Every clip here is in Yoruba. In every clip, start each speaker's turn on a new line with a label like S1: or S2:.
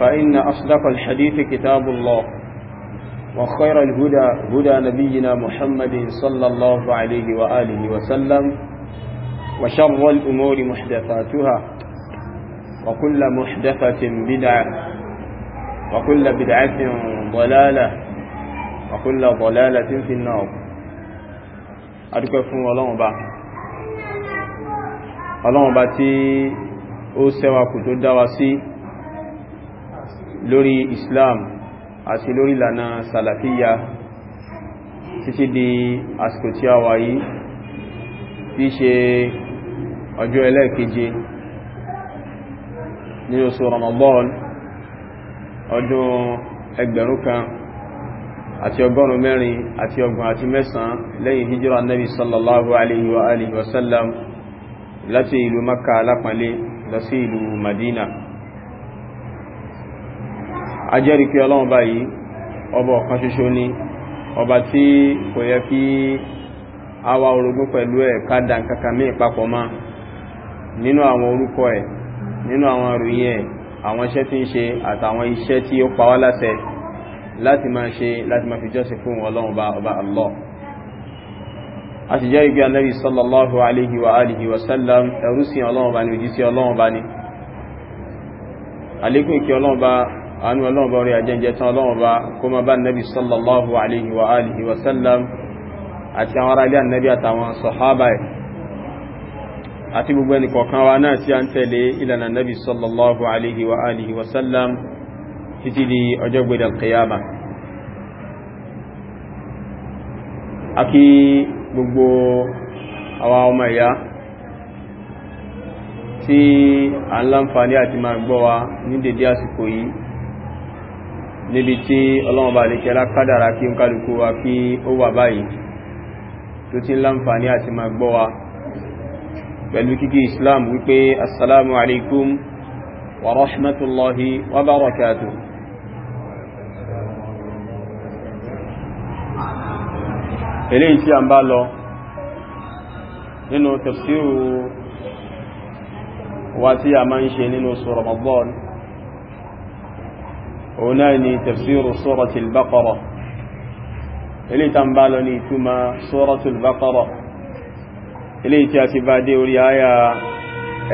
S1: فإن أصدق الحديث كتاب الله وخير الهدى هدى نبينا محمد صلى الله عليه وآله وسلم وشر الأمور محدثاتها وكل محدثة بدعة وكل بدعة ضلالة وكل ضلالة في النار أدكفون الله با الله با تي ó sẹ́wàkù lórí Islam àti lórí ìlànà sàlàfíyà títí di àsìkò tí a wà yìí tí ṣe ọjọ́ ẹlẹ́ẹ̀keje ní oṣù Ramadan ọdún ẹgbẹ̀rún kan àti ọgọ́rùn mẹ́rin àti ọgbọ̀n àti mẹ́sàn lẹ́yìn hijira nabi sallallahu alaihi wa alihi láti ìlú makka alápàlẹ́ lọ sí ìlú madina ajẹ́rì pé ọlọ́run báyìí ọba ọ̀kan ṣoṣo ni ọba tí kò yẹ kí àwa orogún pẹ̀lú ẹ̀ kádà kankan mí ìpapọ̀ mọ́ nínú àwọn orúkọ ẹ̀ nínú àwọn ìròyìn ẹ̀ àwọn iṣẹ́ tí ń ṣe àtàwọn iṣẹ́ tí ó pa wá láti máa ṣe láti máa fi jọ́sìn fún ọlọ́run bá ọba Allah a sì jẹ́rì pé anábì sallallahu alaihi wa alihi wa sallam ẹrú sí ọlọ́run bá ní òjíṣẹ́ ọlọ́run bá ní àlékún ìkẹ́ ọlọ́run bá àánú ọlọ́run bá orí ajẹ́jẹ́ tán ọlọ́run bá kó ma bá nẹ́bí sallallahu alaihi wa alihi wa sallam àti àwọn ará ilé ànẹ́bí àtàwọn sọ̀hábà ẹ̀ àti gbogbo ẹni kọ̀ọ̀kan wa náà tí a ń tẹ̀lé ìlànà nẹ́bí sallallahu alaihi wa alihi wa sallam títí di ọjọ́ gbé tí a ń láǹfààní àti máa gbọ́ wa ní dédé àsìkò yìí níbi tí ọlọ́run bá lè kẹ́lá kádàrá kí ń kálukú wa kí ó wà báyìí tó ti ń láǹfààní àti máa gbọ́ wa pẹ̀lú kíkí islam wípé assalamu alaikum wa rahmatullahi wa barakatuh eléyìí tí a ń bá lọ nínú tafsiru wa tí a máa ń ṣe nínú oṣù Ramadan òun náà ni tafsiru suratul baqara ilé ìtàn bá lọ ní ìtumà suratul baqara ilé ìtí a ti bá dé orí àyà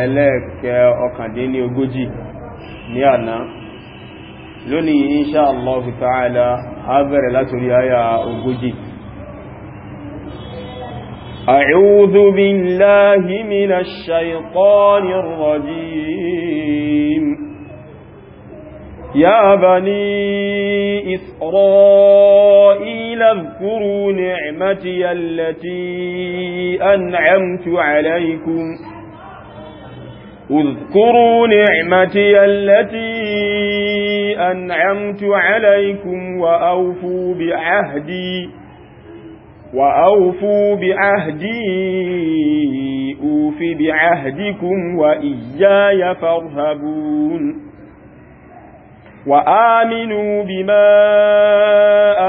S1: ẹlẹ́ẹ̀kẹ́ ọkàndínlẹ́ ogójì ní àná lónìí inṣá Allah ta'ala a bẹ̀rẹ̀ látorí àyà ogójì أعوذ بالله من الشيطان الرجيم يا بني إسرائيل اذكروا نعمتي التي أنعمت عليكم اذكروا نعمتي التي أنعمت عليكم وأوفوا بعهدي وأوفوا بعهدي أوف بعهدكم وإياي فارهبون وآمنوا بما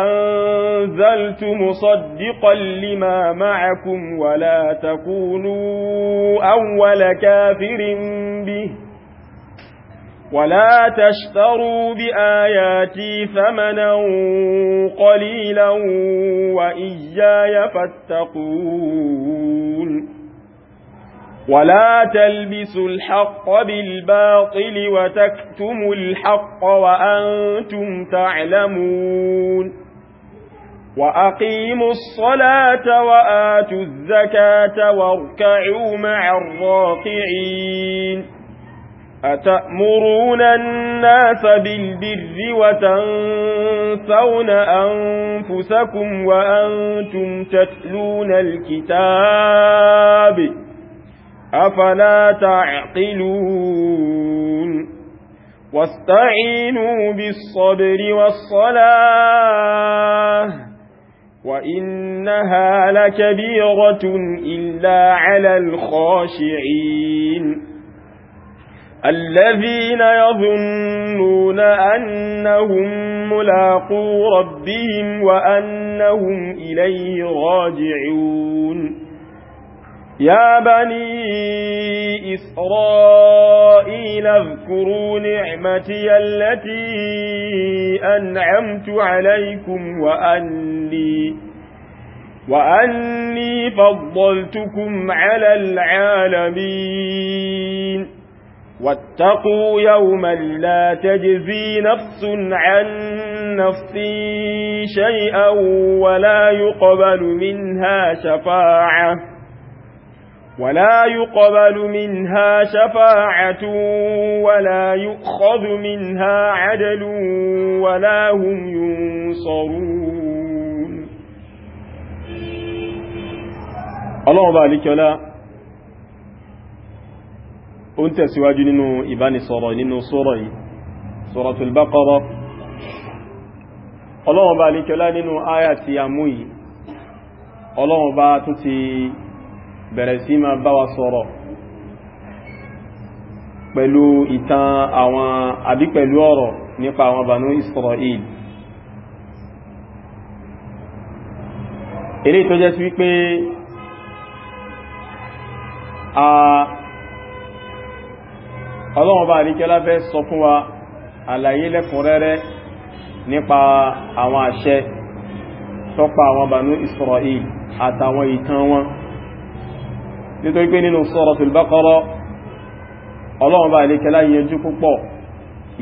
S1: أنزلت مصدقا لما معكم ولا تكونوا أول كافر به ولا تشتروا بآياتي ثمنا قليلا وإياي فاتقون ولا تلبسوا الحق بالباطل وتكتموا الحق وأنتم تعلمون وأقيموا الصلاة وآتوا الزكاة واركعوا مع الراكعين أتأمرون الناس بالبر وتنسون أنفسكم وأنتم تتلون الكتاب أفلا تعقلون واستعينوا بالصبر والصلاة وإنها لكبيرة إلا على الخاشعين الذين يظنون أنهم ملاقو ربهم وأنهم إليه راجعون يا بني إسرائيل اذكروا نعمتي التي أنعمت عليكم وأني وأني فضلتكم على العالمين واتقوا يوما لا تجزي نفس عن نفس شيئا ولا يقبل منها شفاعه ولا يقبل منها شفاعة ولا يؤخذ منها عدل ولا هم ينصرون الله ذلك لا أنت سواج ننو إباني صورة ننو صورة صورة البقرة الله ذلك لا ننو آيات ياموي الله بالك bẹ̀rẹ̀ sí máa bá wa sọ̀rọ̀ pẹ̀lú ìtàn àwọn àbí pẹ̀lú ọ̀rọ̀ nípa àwọn Banu Israel ilé tó jẹ́ sí wípé a ọlọ́wọ́n bá ríkẹ́ láfẹ́ sọ fún wa àlàyé lẹ́kùnrẹ́rẹ́ nípa àwọn àṣẹ tọ́pa àwọn Banu Israel àtàwọn ìtàn wọn nítorí pé nínú Suratul Baqara ọlọ́run bá ilé kẹlá yẹnjú púpọ̀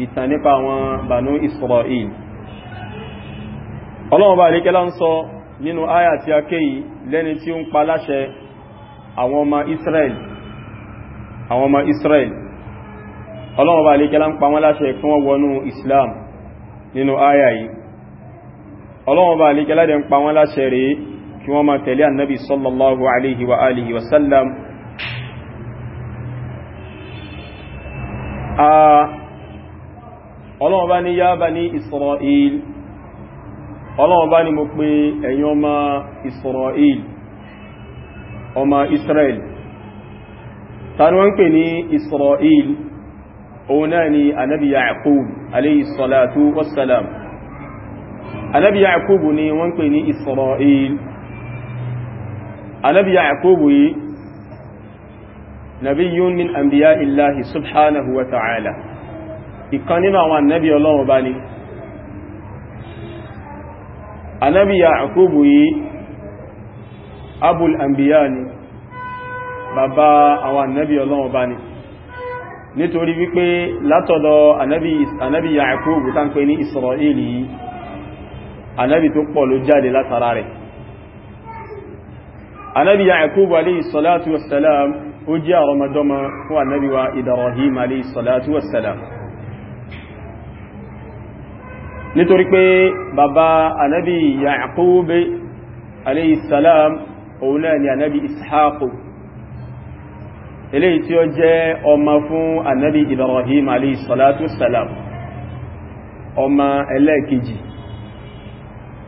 S1: ìtàn nípa àwọn Banu Isra'il ọlọ́run bá ilé kẹlá ń sọ nínú àyà tí a kéyì lẹ́ni tí ó ń pa láṣẹ àwọn ọmọ Israel àwọn ọmọ Israel ọlọ́run bá ilé kẹlá ń pa wọ́n láṣẹ kí wọ́n wọnú Islam nínú àyà yìí ọlọ́run bá ilé kẹlá dẹ̀ ń pa wọ́n láṣẹ rèé kí wọ́n máa tẹ̀lé annabi sallallahu alaihi wa alihi wa sallam ọlọ́wọ́ bá ní yá bá ní isra'il ọlọ́wọ́ bá ní mo pé ẹ̀yin ọmọ isra'il ọmọ israel tàbí wọ́n pè ní isra'il òun náà ni annabi yaqub alayhi salatu wassalam annabi yaqub ni wọ́n pè ní isra'il anabi yaqubu yìí nabiyyun min anbiya illahi subhanahu wa ta'ala ìkan nínú àwọn annabi ọlọ́run bá ní anabi yaqubu yìí abul anbiya ni bàbá àwọn annabi ọlọ́run bá ní nítorí wípé látọ̀dọ̀ anabi yaqubu tán ní isra'ili anabi tó pọ̀ ló jáde látara rẹ̀ anabi yaakubu alayhi salatu wassalam ó jẹ́ àrọmọdọ́mọ fún anabi wa ibrahim alayhi salatu wassalam nítorí pé bàbá anabi yaakubu alayhi salam òun náà ni anabi ishaqu eléyìí tí ó jẹ́ ọmọ fún anabi ibrahim alayhi salatu wassalam ọmọ ẹlẹ́ẹ̀kejì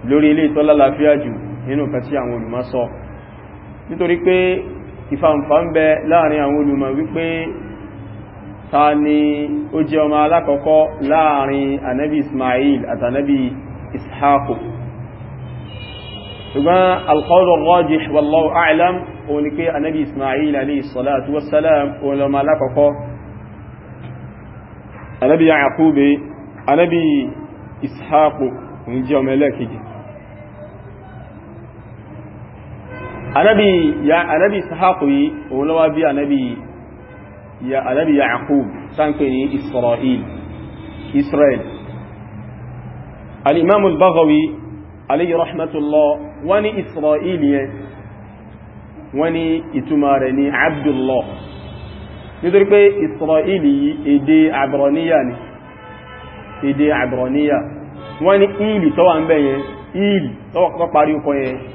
S1: lórí ilé ìtọ́lá láfíà jù nínú kàtí àwọn olùmọ́sọ́ nítorí pé ìfàǹfà ń bẹ láàrin àwọn olùmọ̀ wípé ta ni ó jẹ́ ọmọ alákọ̀ọ́kọ́ láàrin anabi ismail àtànabi ishaq ṣùgbọ́n alqawl ar-rajih wallahu a'lam òun ni pé anabi ismail alayhi salatu wassalam òun lọ́mọ alákọ̀ọ́kọ́ anabi yaqub anabi ishaq ń jẹ́ ọmọ ẹlẹ́kejì anabi ya anabi sahaku yi òun lọ́wọ́ bí anabi ya anabi yaqub sáńpẹ̀ ní israel israel al-imam al-baghawi alayhi rahmatullah wọ́n ní israel yẹn wọ́n ní ìtumà rẹ̀ ní abdullah nítorí pé israel yìí èdè abroniya ni èdè abroniya wọ́n ní ìlì ń bẹ̀yẹn ìlì tọ́wà kọ́ parí ọkọ̀ yẹn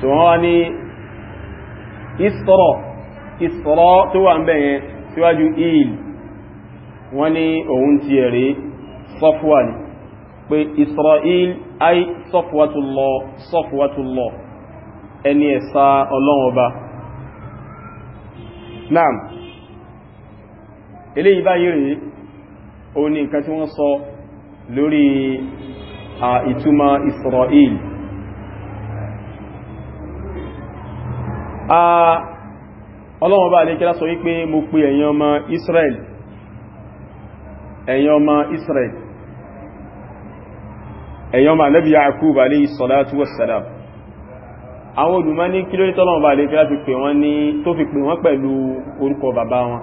S1: so wọ́n wá ní ìsọ́rọ̀ ìsọ́rọ̀ tó wà ń bẹ̀ yẹn síwájú il wọ́n ní òun ti ẹ̀rí sọ́fúwà ní pé Israel ay sọ́fúwàtúlọ́ sọ́fúwàtúlọ́ ẹni ẹ̀sà ọlọ́wọ́ bá naam eléyìí báyìí rí òun ni nǹkan tí wọ́n sọ lórí ìtumọ̀ Israel ọlọ́wọ́n bá alékẹ́lá sọ wípé mo pe ẹ̀yin ọmọ Israel ẹ̀yin ọmọ Israel ẹ̀yin ọmọ Ànábì Yakub alayhi salatu wassalam àwọn olùmọ́ ní kí lórí tọ́lọ́wọ́n bá alékẹ́lá fi pè wọ́n ní tó fi pè wọ́n pẹ̀lú orúkọ bàbá wọn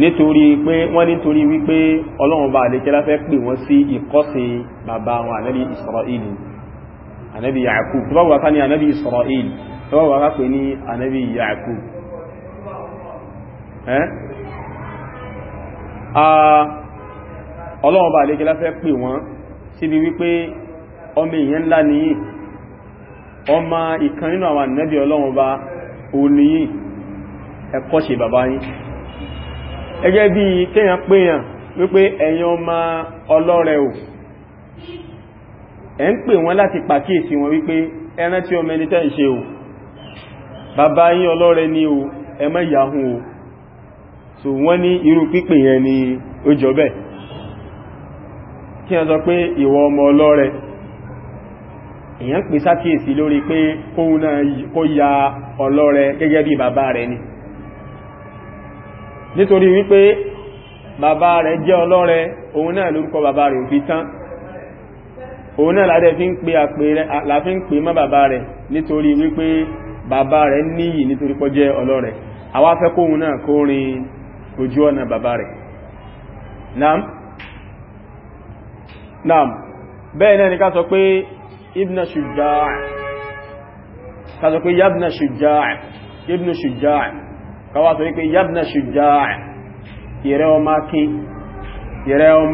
S1: nítorí pé wọ́n nítorí wípé ọlọ́wọ́n bá alékẹ́lá fẹ́ pè wọ́n sí ìkọ́sí bàbá wọn Ànábì Israel ànábì Ya'qub tó bá wà ká ní ànábì Israel tó bá wà ká pè ní ànábì Ya'qub ọlọ́wọ́ bá àlejò láfẹ́ pè wọ́n síbi wípé ọmọ èèyàn ńlá nìyí ọmọ ìkan nínú àwọn ànábì ọlọ́wọ́ bá òníyí ẹ̀kọ́ṣe bàbá yín ẹgẹ́ bí kéèyàn péyàn wípé ẹ̀yin ọmọ ọlọ́rẹ̀ ò ẹ ń pè wọ́n láti pàkíyèsí wọn wípé ẹran tí ọmọ ẹni tẹ́ ń ṣe o bàbá yín ọlọ́rẹ ní o ẹ má o so wọ́n ní irú pípè yẹn ni ó jọ bẹ́ẹ̀ kí wọ́n sọ pé ìwọ ọmọ ọlọ́rẹ èyàn pè sákíyèsí lórí pé kóhun náà kó ya ọlọ́rẹ gẹ́gẹ́ bí bàbá rẹ̀ ni nítorí wípé bàbá rẹ̀ jẹ́ ọlọ́rẹ òun náà lórúkọ bàbá rẹ̀ òfin tán òun náà ládẹ́ fi ń pè àpè ń pè mọ́ bàbá rẹ̀ nítorí wípé bàbá rẹ̀ níyì nítorí pọ́ jẹ́ ọlọ́rẹ̀ àwa fẹ́ kóhun náà kó rin ojú ọ̀nà bàbá rẹ̀ naam naam bẹ́ẹ̀ náà ni ká sọ pé ibn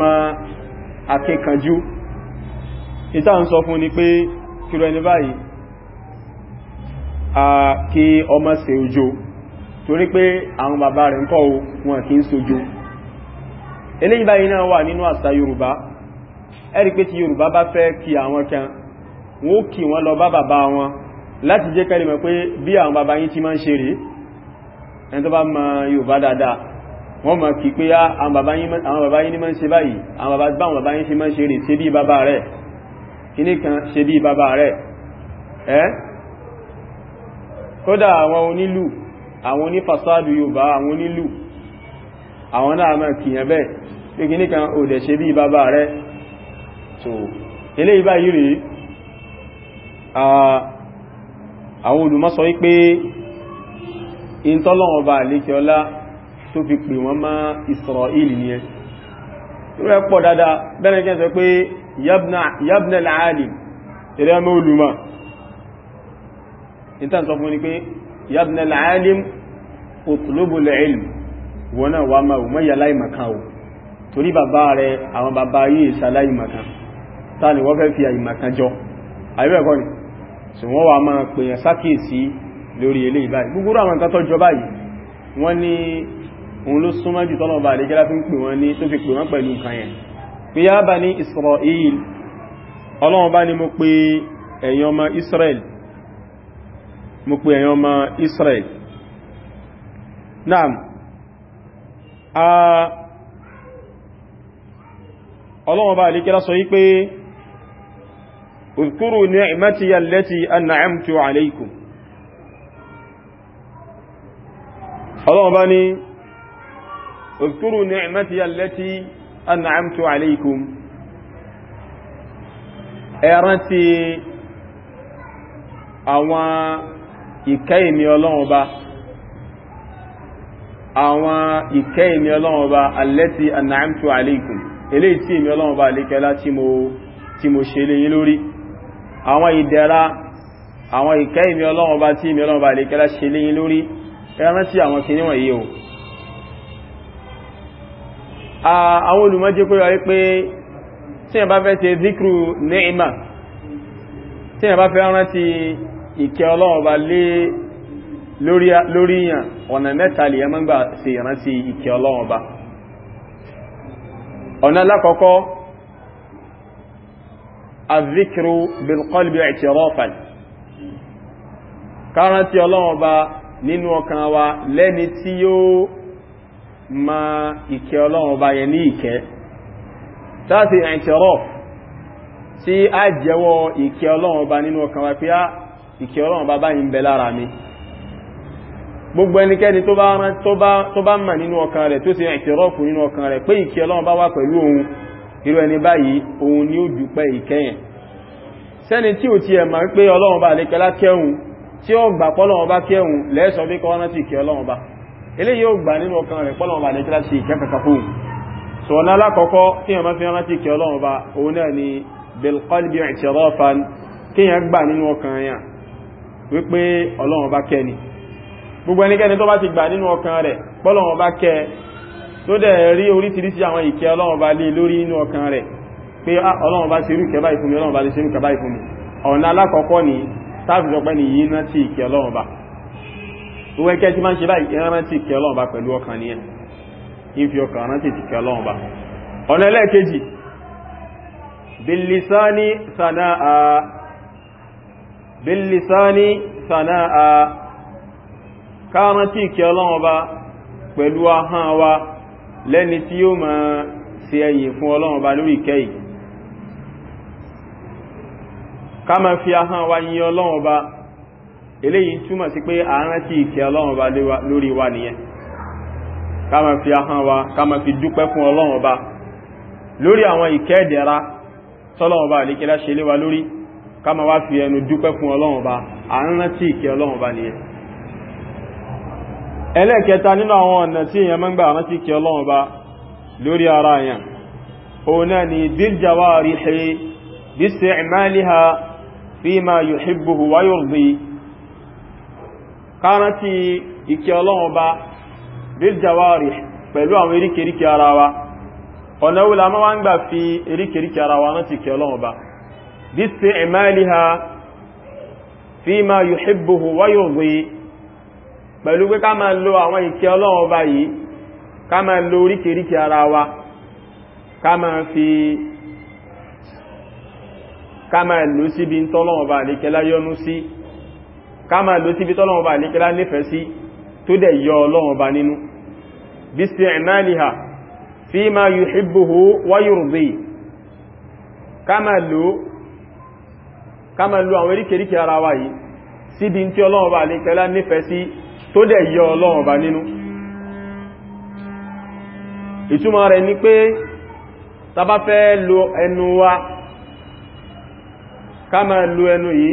S1: ọmọ akíkanjú ìta ń sọ fún ni pé kírò ẹni báyìí a kí ọmọ ṣe òjò torí pé àwọn bàbá rẹ̀ ń kọ́ wọn kí ń sojo eléyìí báyìí náà wà nínú àṣà Yorùbá ẹ̀rí pé tí Yorùbá bá fẹ́ kí àwọn kan wọ́n kí wọ́n lọ bá bàbá wọn láti jẹ́ kẹ́lẹ̀ pé bí àwọn bàbá yín ti máa ń ṣe rèé ẹni tó bá mọ Yorùbá dáadáa wọ́n mọ̀ kí pé ah, àwọn bàbá yín ní máa ń ṣe báyìí àwọn bàbá yín ti máa ń ṣe rèé sí bí bàbá rẹ̀ kìní kan ṣe bí bàbá rẹ̀ ẹ́ kódà àwọn onílù àwọn onífàsádù Yorùbá àwọn onílù àwọn náà mọ̀ kìyàn bẹ́ẹ̀ pé kìní kan ò dẹ̀ ṣe bí bàbá rẹ̀ tó ilé ibá yìí rí àwọn olùmọ́sọ wípé ìntọ́lọ́wọ̀n bá àlékiọlá tó fi pè wọ́n má Ísírẹ́lì nìyẹn rẹ̀ pọ̀ dáadáa bẹ́rẹ̀ kẹ́ sọ pé yabna al'alim ìrẹ́ ọmọ olùmọ̀ ìtàn sọ fún ní pé yabna al'alim utlubul ilm wọn náà wà máa mọ́ yàlá ìmọ̀kan o torí bàbá rẹ̀ àwọn bàbá yìí sàlá ìmọ̀kan ta ni wọ́n fẹ́ fi àìmọ̀kan jọ àìbẹ̀kọ́ ni so wọ́n wà máa pèèyàn sákèsí lórí ilé ìbáyìí gbogbo àwọn nǹkan tó jọ báyìí wọ́n ní òun ló súnmọ́ jù tọ́lọ̀ bá àdéjẹ́lá fi ń pè wọ́n ní tó fi pè wọ́n pẹ̀lú nǹkan yẹn pé yá bá ní Israel ọlọ́run bá ní mo pé ẹ̀yin ọmọ Israel mo pé ẹ̀yin ọmọ Israel naam ọlọ́run bá lè kíra sọ yí pé اذكروا نعمتي التي أنعمت عليكم ọlọ́run bá ní اذكروا نعمتي التي an'amtu alaykum ẹ rántí àwọn ìkẹ́ ìní ọlọ́run ọba àwọn ìkẹ́ ìní ọlọ́run ọba allati an'amtu alaykum eléyìí tí ìní ọlọ́run ọba àlékẹ́lá tí mo ṣe léyìn lórí àwọn ìdẹ̀ra àwọn ìkẹ́ ìní ọlọ́run ọba tí ìní ọlọ́run ọba àlékẹ́lá ṣe léyìn lórí ẹ rántí àwọn kìnnìwọ̀n yìí o àwọn olùmọ́jẹ́ pé wáyé pé tí yẹn bá fẹ́ ṣe zikru ni'ima tí yẹn bá fẹ́ rántí ìkẹ́ ọlọ́run bá lé lórí yàn ọ̀nà mẹ́ta lè yẹn mọ́gbà ṣe ìrántí ìkẹ́ ọlọ́run ọ̀nà lákọ̀ọ́kọ́ azikru bilqalbi i'tirafan kárántí ọlọ́run bá nínú ọkàn wa lẹ́ni tí ma ìkẹ́ ọlọ́run ọba yẹn ní ìkẹ́ láti ẹ̀ntẹ̀rọ̀ tí a jẹ́wọ́ ìkẹ́ ọlọ́run ọba nínú ọkàn wa pé á ah, ìkẹ́ ọlọ́run ọba báyìí ń bẹ lára mi gbogbo ẹnikẹ́ni tó bá mọ̀ nínú ọkàn rẹ̀ tó sì ẹ̀ntẹ̀rọ̀ fún nínú ọkàn rẹ̀ pé ìkẹ́ ọlọ́run bá wà ni ó dúpẹ́ ìkẹyẹn sẹ́ni tí ò ti ẹ̀ mọ̀ pé ọlọ́run bá lè kẹ́lá kẹ́hùn tí ó gbà pọ́lọ́run bá kẹ́hùn eléyìí ó gbà nínú ọkàn rẹ̀ pọ́lọ̀ ọba àdẹ́kẹ́lá sí ìkẹ́ kẹta fún so ọ̀nà alákọ̀ọ́kọ́ tí yàn máa fi rántí kí ọlọ́run ọba òun náà ni belqalbi i'tirafan kí yàn gbà nínú ọkàn yàn wípé ọlọ́run ọba kẹ́ ni gbogbo ẹnikẹ́ni tó bá ti gbà nínú ọkàn rẹ̀ pọ́lọ̀ ọba kẹ́ tó ọlọ́run ọba lé ah, ṣe irú ìkẹ́ ọ̀nà alákọ̀ọ́kọ́ ni táàfìsọpẹ́ ni yìí náà ti ìkẹ́ ọlọ́run ọba tó wẹ́kẹ́ tí máa ń ṣe báyìí ìrántí ìkẹ́ ọlọ́run bá pẹ̀lú ọkàn ní ẹ̀ ìfi ọkàn rántí ìkẹ́ ọlọ́run bá ọ̀nà ẹlẹ́ẹ̀kejì bílìsáni sànáà bílìsáni sànáà kárántí ìkẹ́ pẹ̀lú ahán wa lẹ́ni tí ó máa ṣe ẹ̀yìn fún ọlọ́run lórí ìkẹ́ ká máa fi ahán wa yin ọlọ́run eléyìí túmọ̀ sí pé à ń rántí ìkẹ́ ọlọ́run ọba lórí wa nìyẹn ká máa fi ahọ́n wa ká máa fi dúpẹ́ fún ọlọ́run ọba lórí àwọn ìkẹ́ ìdẹ̀ra tọ́lọ́run ọba àlékẹ́lá ṣe lé wa lórí ká máa wá fi ẹnu dúpẹ́ fún ọlọ́run ọba à ń ìkẹ́ ọlọ́run ọba nìyẹn ẹlẹ́ẹ̀kẹta nínú àwọn ọ̀nà tí kárántí ike ọlọ́run ọba biljawari pẹ̀lú àwọn eríkèríkè ara wa ọ̀nà wùlá máa wá ń gbà fi eríkèríkè ara wa rántí ike ọlọ́run ọba bí sí ha fi ma yuhibbuhu wa wayo pẹ̀lú pé ká máa lo àwọn ike ọlọ́run ọba yìí ká máa lo oríkèríkè ara wa ká máa síbi ń ọba sí ká máa lò síbi tọ́lọ́wọ́ bá níkẹ́lá nífẹ̀ẹ́ sí tó dẹ̀ yọ ọlọ́wọ́ bá nínú bí sí ẹ̀mẹ́lìhà fi ma yuhibbuhu wa yurdi ká máa lò ká máa lò àwọn eríkèríkè ara wa yìí síbi tí ọlọ́wọ́ bá ẹnu yìí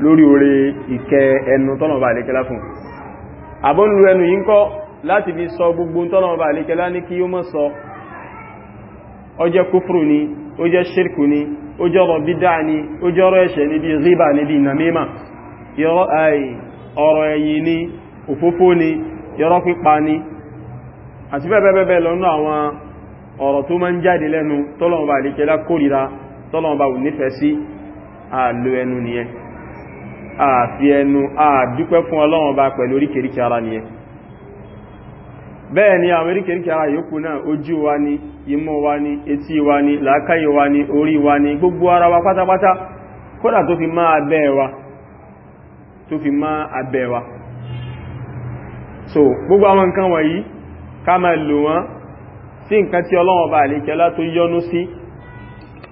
S1: lórí oore ìkẹ ẹnu tọ́nà bá àlékẹ́lá fún àbọ́ ń lu ẹnu yìí ń kọ́ láti fi sọ gbogbo tọ́nà bá àlékẹ́lá ní kí ó mọ́ sọ ó jẹ́ kúfùrù ni ó jẹ́ ṣírkù ni ó jẹ́ ọ̀rọ̀ bídá ni ó jẹ́ ọ̀rọ̀ ẹ̀ṣẹ̀ níbi ríbà níbi ìnàmímà ọ̀rọ̀ ẹ̀yìn ni òfófó ni yọrọ pípa ni àti bẹ́ẹ̀bẹ́ẹ̀bẹ́ lọ́nà àwọn ọ̀rọ̀ tó máa ń jáde lẹ́nu ò nífẹ̀ẹ́ sí àlò ẹnu nìyẹn àfi ẹnu àdúpẹ́ fún ọlọ́run bá pẹ̀lú oríkèríkè ara nìyẹn bẹ́ẹ̀ ni àwọn oríkèríkè ara yòókù náà ojú wa ni imú wa ni etí wa ni làákàyè wa ni orí wa ni gbogbo ara wa pátápátá kódà tó fi má abẹ́ wa tó fi má abẹ́ wa so gbogbo àwọn nǹkan wọ̀nyí ká máa lò wọ́n sí nǹkan tí ọlọ́run bá àlékẹ́lá tó yọ́nú sí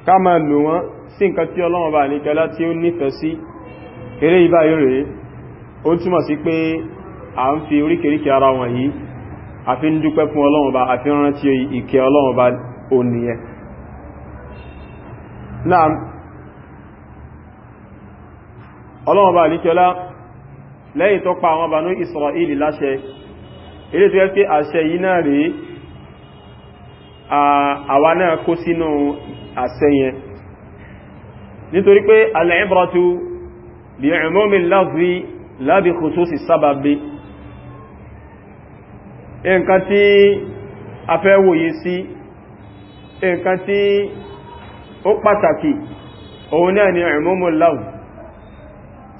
S1: ká máa lò wọ́n sí nǹkan tí ọlọ́run bá àlékẹ́lá tí nífẹ̀ẹ́ sí eré ibá yóò ó túmọ̀ sí pé a ń fi oríkèríkè ara wọn yìí a fi ń dúpẹ́ fún ọlọ́run ba a fi ń rántí ìkẹ́ ọlọ́run ba òníyẹn náà ọlọ́run ba àlíkẹ́lá lẹ́yìn tó pa àwọn Banu Israeli láṣẹ ilé tó yẹ pé àṣẹ yìí náà rí àwa náà kó sínú àṣẹ yẹn nítorí pé al-ibratu bí ẹ̀mọ́min láti lábí kòsósì sábàbí nǹkan tí a fẹ́ wòye sí nǹkan tí ó pàtàkì òun náà ni ẹ̀mọ́min láti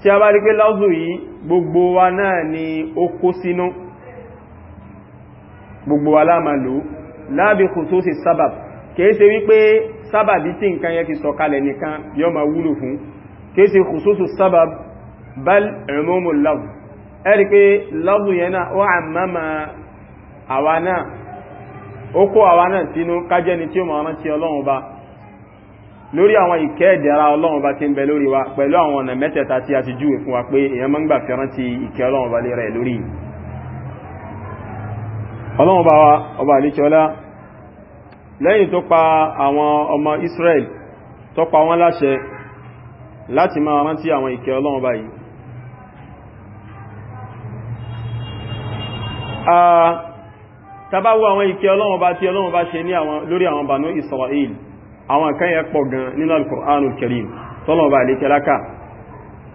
S1: tí a bá rí pé láti yìí gbogbo wa náà ni ó kó sínú gbogbo wa láàmà lò lábí kòsósì sábàbí kìí ṣe wípé sábàbí tí nǹkan yẹ ti sọ̀kalẹ̀ nìkan yó máa wúlò fún kéèsì kùsùsù sábàb bal ẹ̀mọ́mù lọ́wọ́ ẹ̀rí pé lọ́wọ́ yẹn náà ó àmàmà àwa náà ó kó àwa náà sínú kájẹ́ni tí ó máa rántí ọlọ́run ba lórí àwọn ìkẹ́ ìdẹ̀ra ọlọ́run ba ti ń bẹ lórí wa pẹ̀lú àwọn ọ̀nà mẹ́tẹ̀ẹ̀ta tí a ti júwe fún wa pé èèyàn máa ń láṣẹ láti máa rántí àwọn ìkẹ́ ọlọ́run báyìí tàbáwọ́ àwọn ìkẹ́ ọlọ́run bá tí ọlọ́run bá ṣe lórí àwọn Banu Israel àwọn kan yẹ pọ̀ gan nínú al-Qur'anul Karim tọ́lọ̀wọ́ bá ilé kẹlákà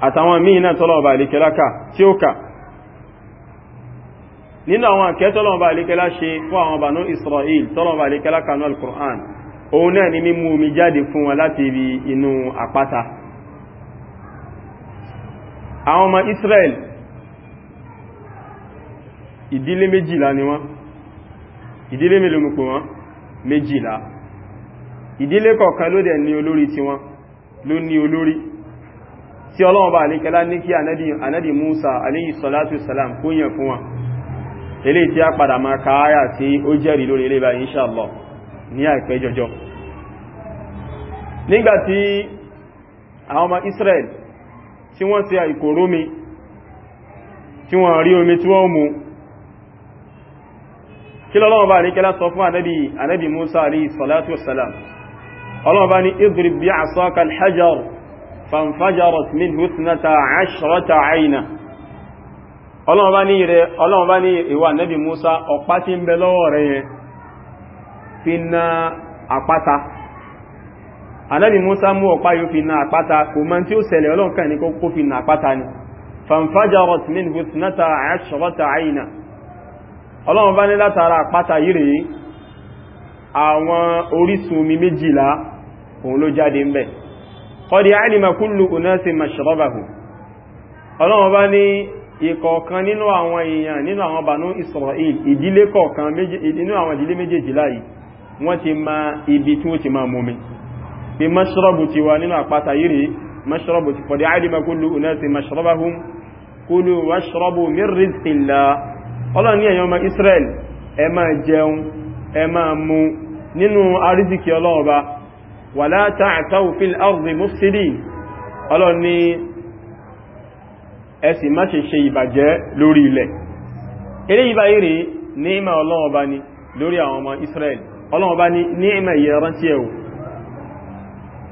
S1: àtàwọn míì náà tọ́lọ̀wọ́ bá ilé kẹlákà tí Israel tọ́lọ̀wọ́ bá ilé kẹlákà nínú al-Qur'an òun náà ni mímú omi jáde fún wọn láti ibi inú àpáta àwọn ọmọ Israel ìdílé méjìlá ni wọ́n ìdílé mélòmùpò wọ́n méjìlá ìdílé kọ̀ọ̀kan ló dẹ̀ ní olórí tí wọ́n ló ní olórí tí ọlọ́wọ́ba àlékẹ́lá ní kí Musa aléyìí salam kó fún wọn ilé tí a padà máa ka tí ó jẹ́rìí lórí ilé báyìí inṣàlọ́ ní àìpẹ́ jọjọ nígbàtí àwọn ọmọ tí wọ́n ṣe àìkòrómi tí wọ́n rí omi tí wọ́n mú kí lọ́lọ́wọ́ bá ríkẹ́lá sọ fún Musa alayhi salatu wassalam ọlọ́wọ́ bá ní idrib bí asaka sakal hajar fanfajarat minhu ithnata ashrata ọlọ́wọ́ bá ní ní ìwà ànábì Musa fi anábì musa mú ọ̀pá yóò fi na àpáta kò mọ́ tí ó ṣẹlẹ̀ ọlọ́nkà ní kó fi na àpáta ni fanfajarot min husnata ashrata aina ọlọ́run bá ní látara àpáta yìí rèé àwọn orísun omi méjìlá òun ló jáde ń wọ́n ti ma ibi tí ó ti ma mú mi pé mashrabu ti wà nínú àpáta yìí rí mashrabu ti fọ̀dí àìdìmọ̀ kullu unasi mashrabahum kulu washrabu min rizqillah ọlọ́run ní ẹ̀yàn ọmọ Israel ẹ máa jẹun ẹ máa mu nínú arísìkì ọlọ́ọ̀ba wala ta'thaw fil ardi mufsidin ọlọ́run ní ẹ sì má ṣe ṣe ìbàjẹ́ lórí ilẹ̀ eré ìbáyé rí ní ìmọ̀ ọlọ́ọ̀ba ni lórí àwọn ọmọ Israel ọlọ́ọ̀ba ní ìmọ̀ ìyẹ̀rántí ẹ̀wò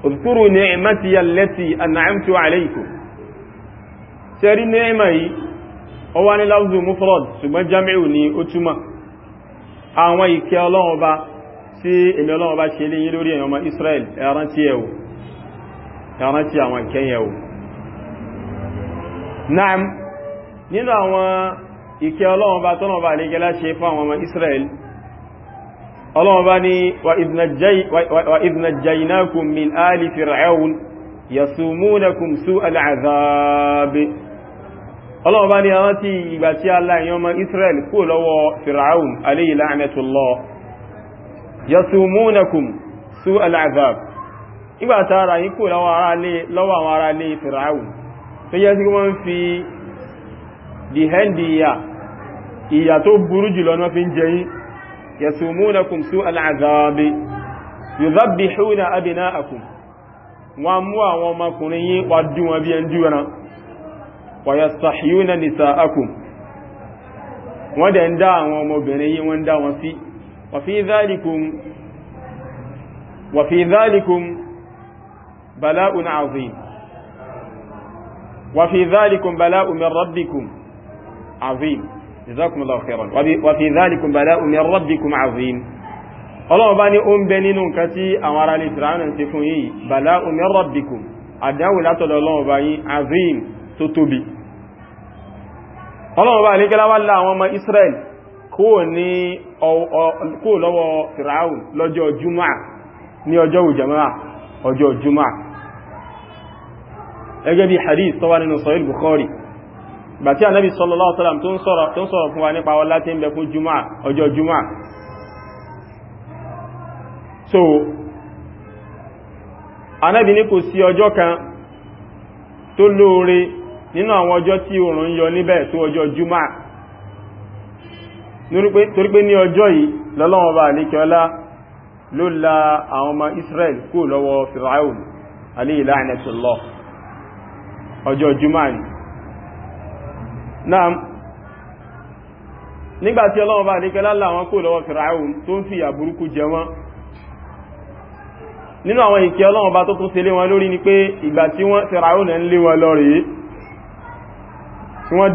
S1: òtúrù ní ẹ̀mẹ́tìyà lẹ́tì ànàmtò àlẹ́ìkò tẹ́rí ní ẹ̀mà yìí ó wá ní láwùzù mufrod ṣùgbọ́n jamiu ni ó ma àwọn ìkẹ́ ọlọ́run ọba tí èmi ọlọ́run ọba ṣe léyìn lórí ẹ̀yàn Israel ẹ̀rántí ẹ̀wò ẹ̀rántí na'am ọlọ́wọ́ bá ní wa idnajjaynakum min ali fir'aun yasumunakum su'al azab ọlọ́wọ́ bá ní àwọn tí ìgbà tí aláyìn ọmọ israel kó lọ́wọ́ fir'aun alayhi la'natullah yasumunakum su'al azab ìgbà tààrà yí kó lọ́wọ́ àwọn يسومونكم سوء العذاب يذبحون أبناءكم وأموا وما كنين ودوا بينجونا ويستحيون نساءكم ودندا وما بنين وندا وفي وفي ذلكم وفي ذلكم بلاء عظيم وفي ذلكم بلاء من ربكم عظيم جزاكم الله خيرا وفي ذلك بلاء من min rabbikum azim ọlọ́wọ́ bá ní ó ń bẹ nínú nǹkan tí àwọn ará Ísírẹ́lì ń ṣe fún yín bala'un min rabbikum àdáwò látọ̀dọ̀ ọlọ́wọ́ bá yín azim tó tóbi ọlọ́wọ́ bá ní kí láwá lá àwọn ọmọ israel kó lọ́wọ́ firaun lọ́jọ́ gbàtí ànábì sallallahu alaihi wasallam tó ń sọ̀rọ̀ fún wa nípa ọlá tí ń bẹ fún jùmọ́ ọjọ́ jùmọ́ so ànábì ní kò sí ọjọ́ kan tó lóore nínú àwọn ọjọ́ tí oòrùn ń yọ níbẹ̀ tó ọjọ́ jùmọ́ torí pé ní ọjọ́ yìí lọ́lọ́wọ́ bá ní kíọ́lá ló la àwọn ọmọ Israel kú lọ́wọ́ Fir'aun alayhi la'natullah ọjọ́ jùmọ́ ni náà nígbàtí ọlọ́wọ́ bá ní kẹlá láwọn kó lọ́wọ́ fìràáhùn tó ń fi ìyà burúkú jẹ wọ́n nínú àwọn ìkẹ́ ọlọ́wọ́ bá tó tún ṣe lé wọn lórí ni pé ìgbà tí wọ́n fìràáhùn ń lé wọn lọ rèé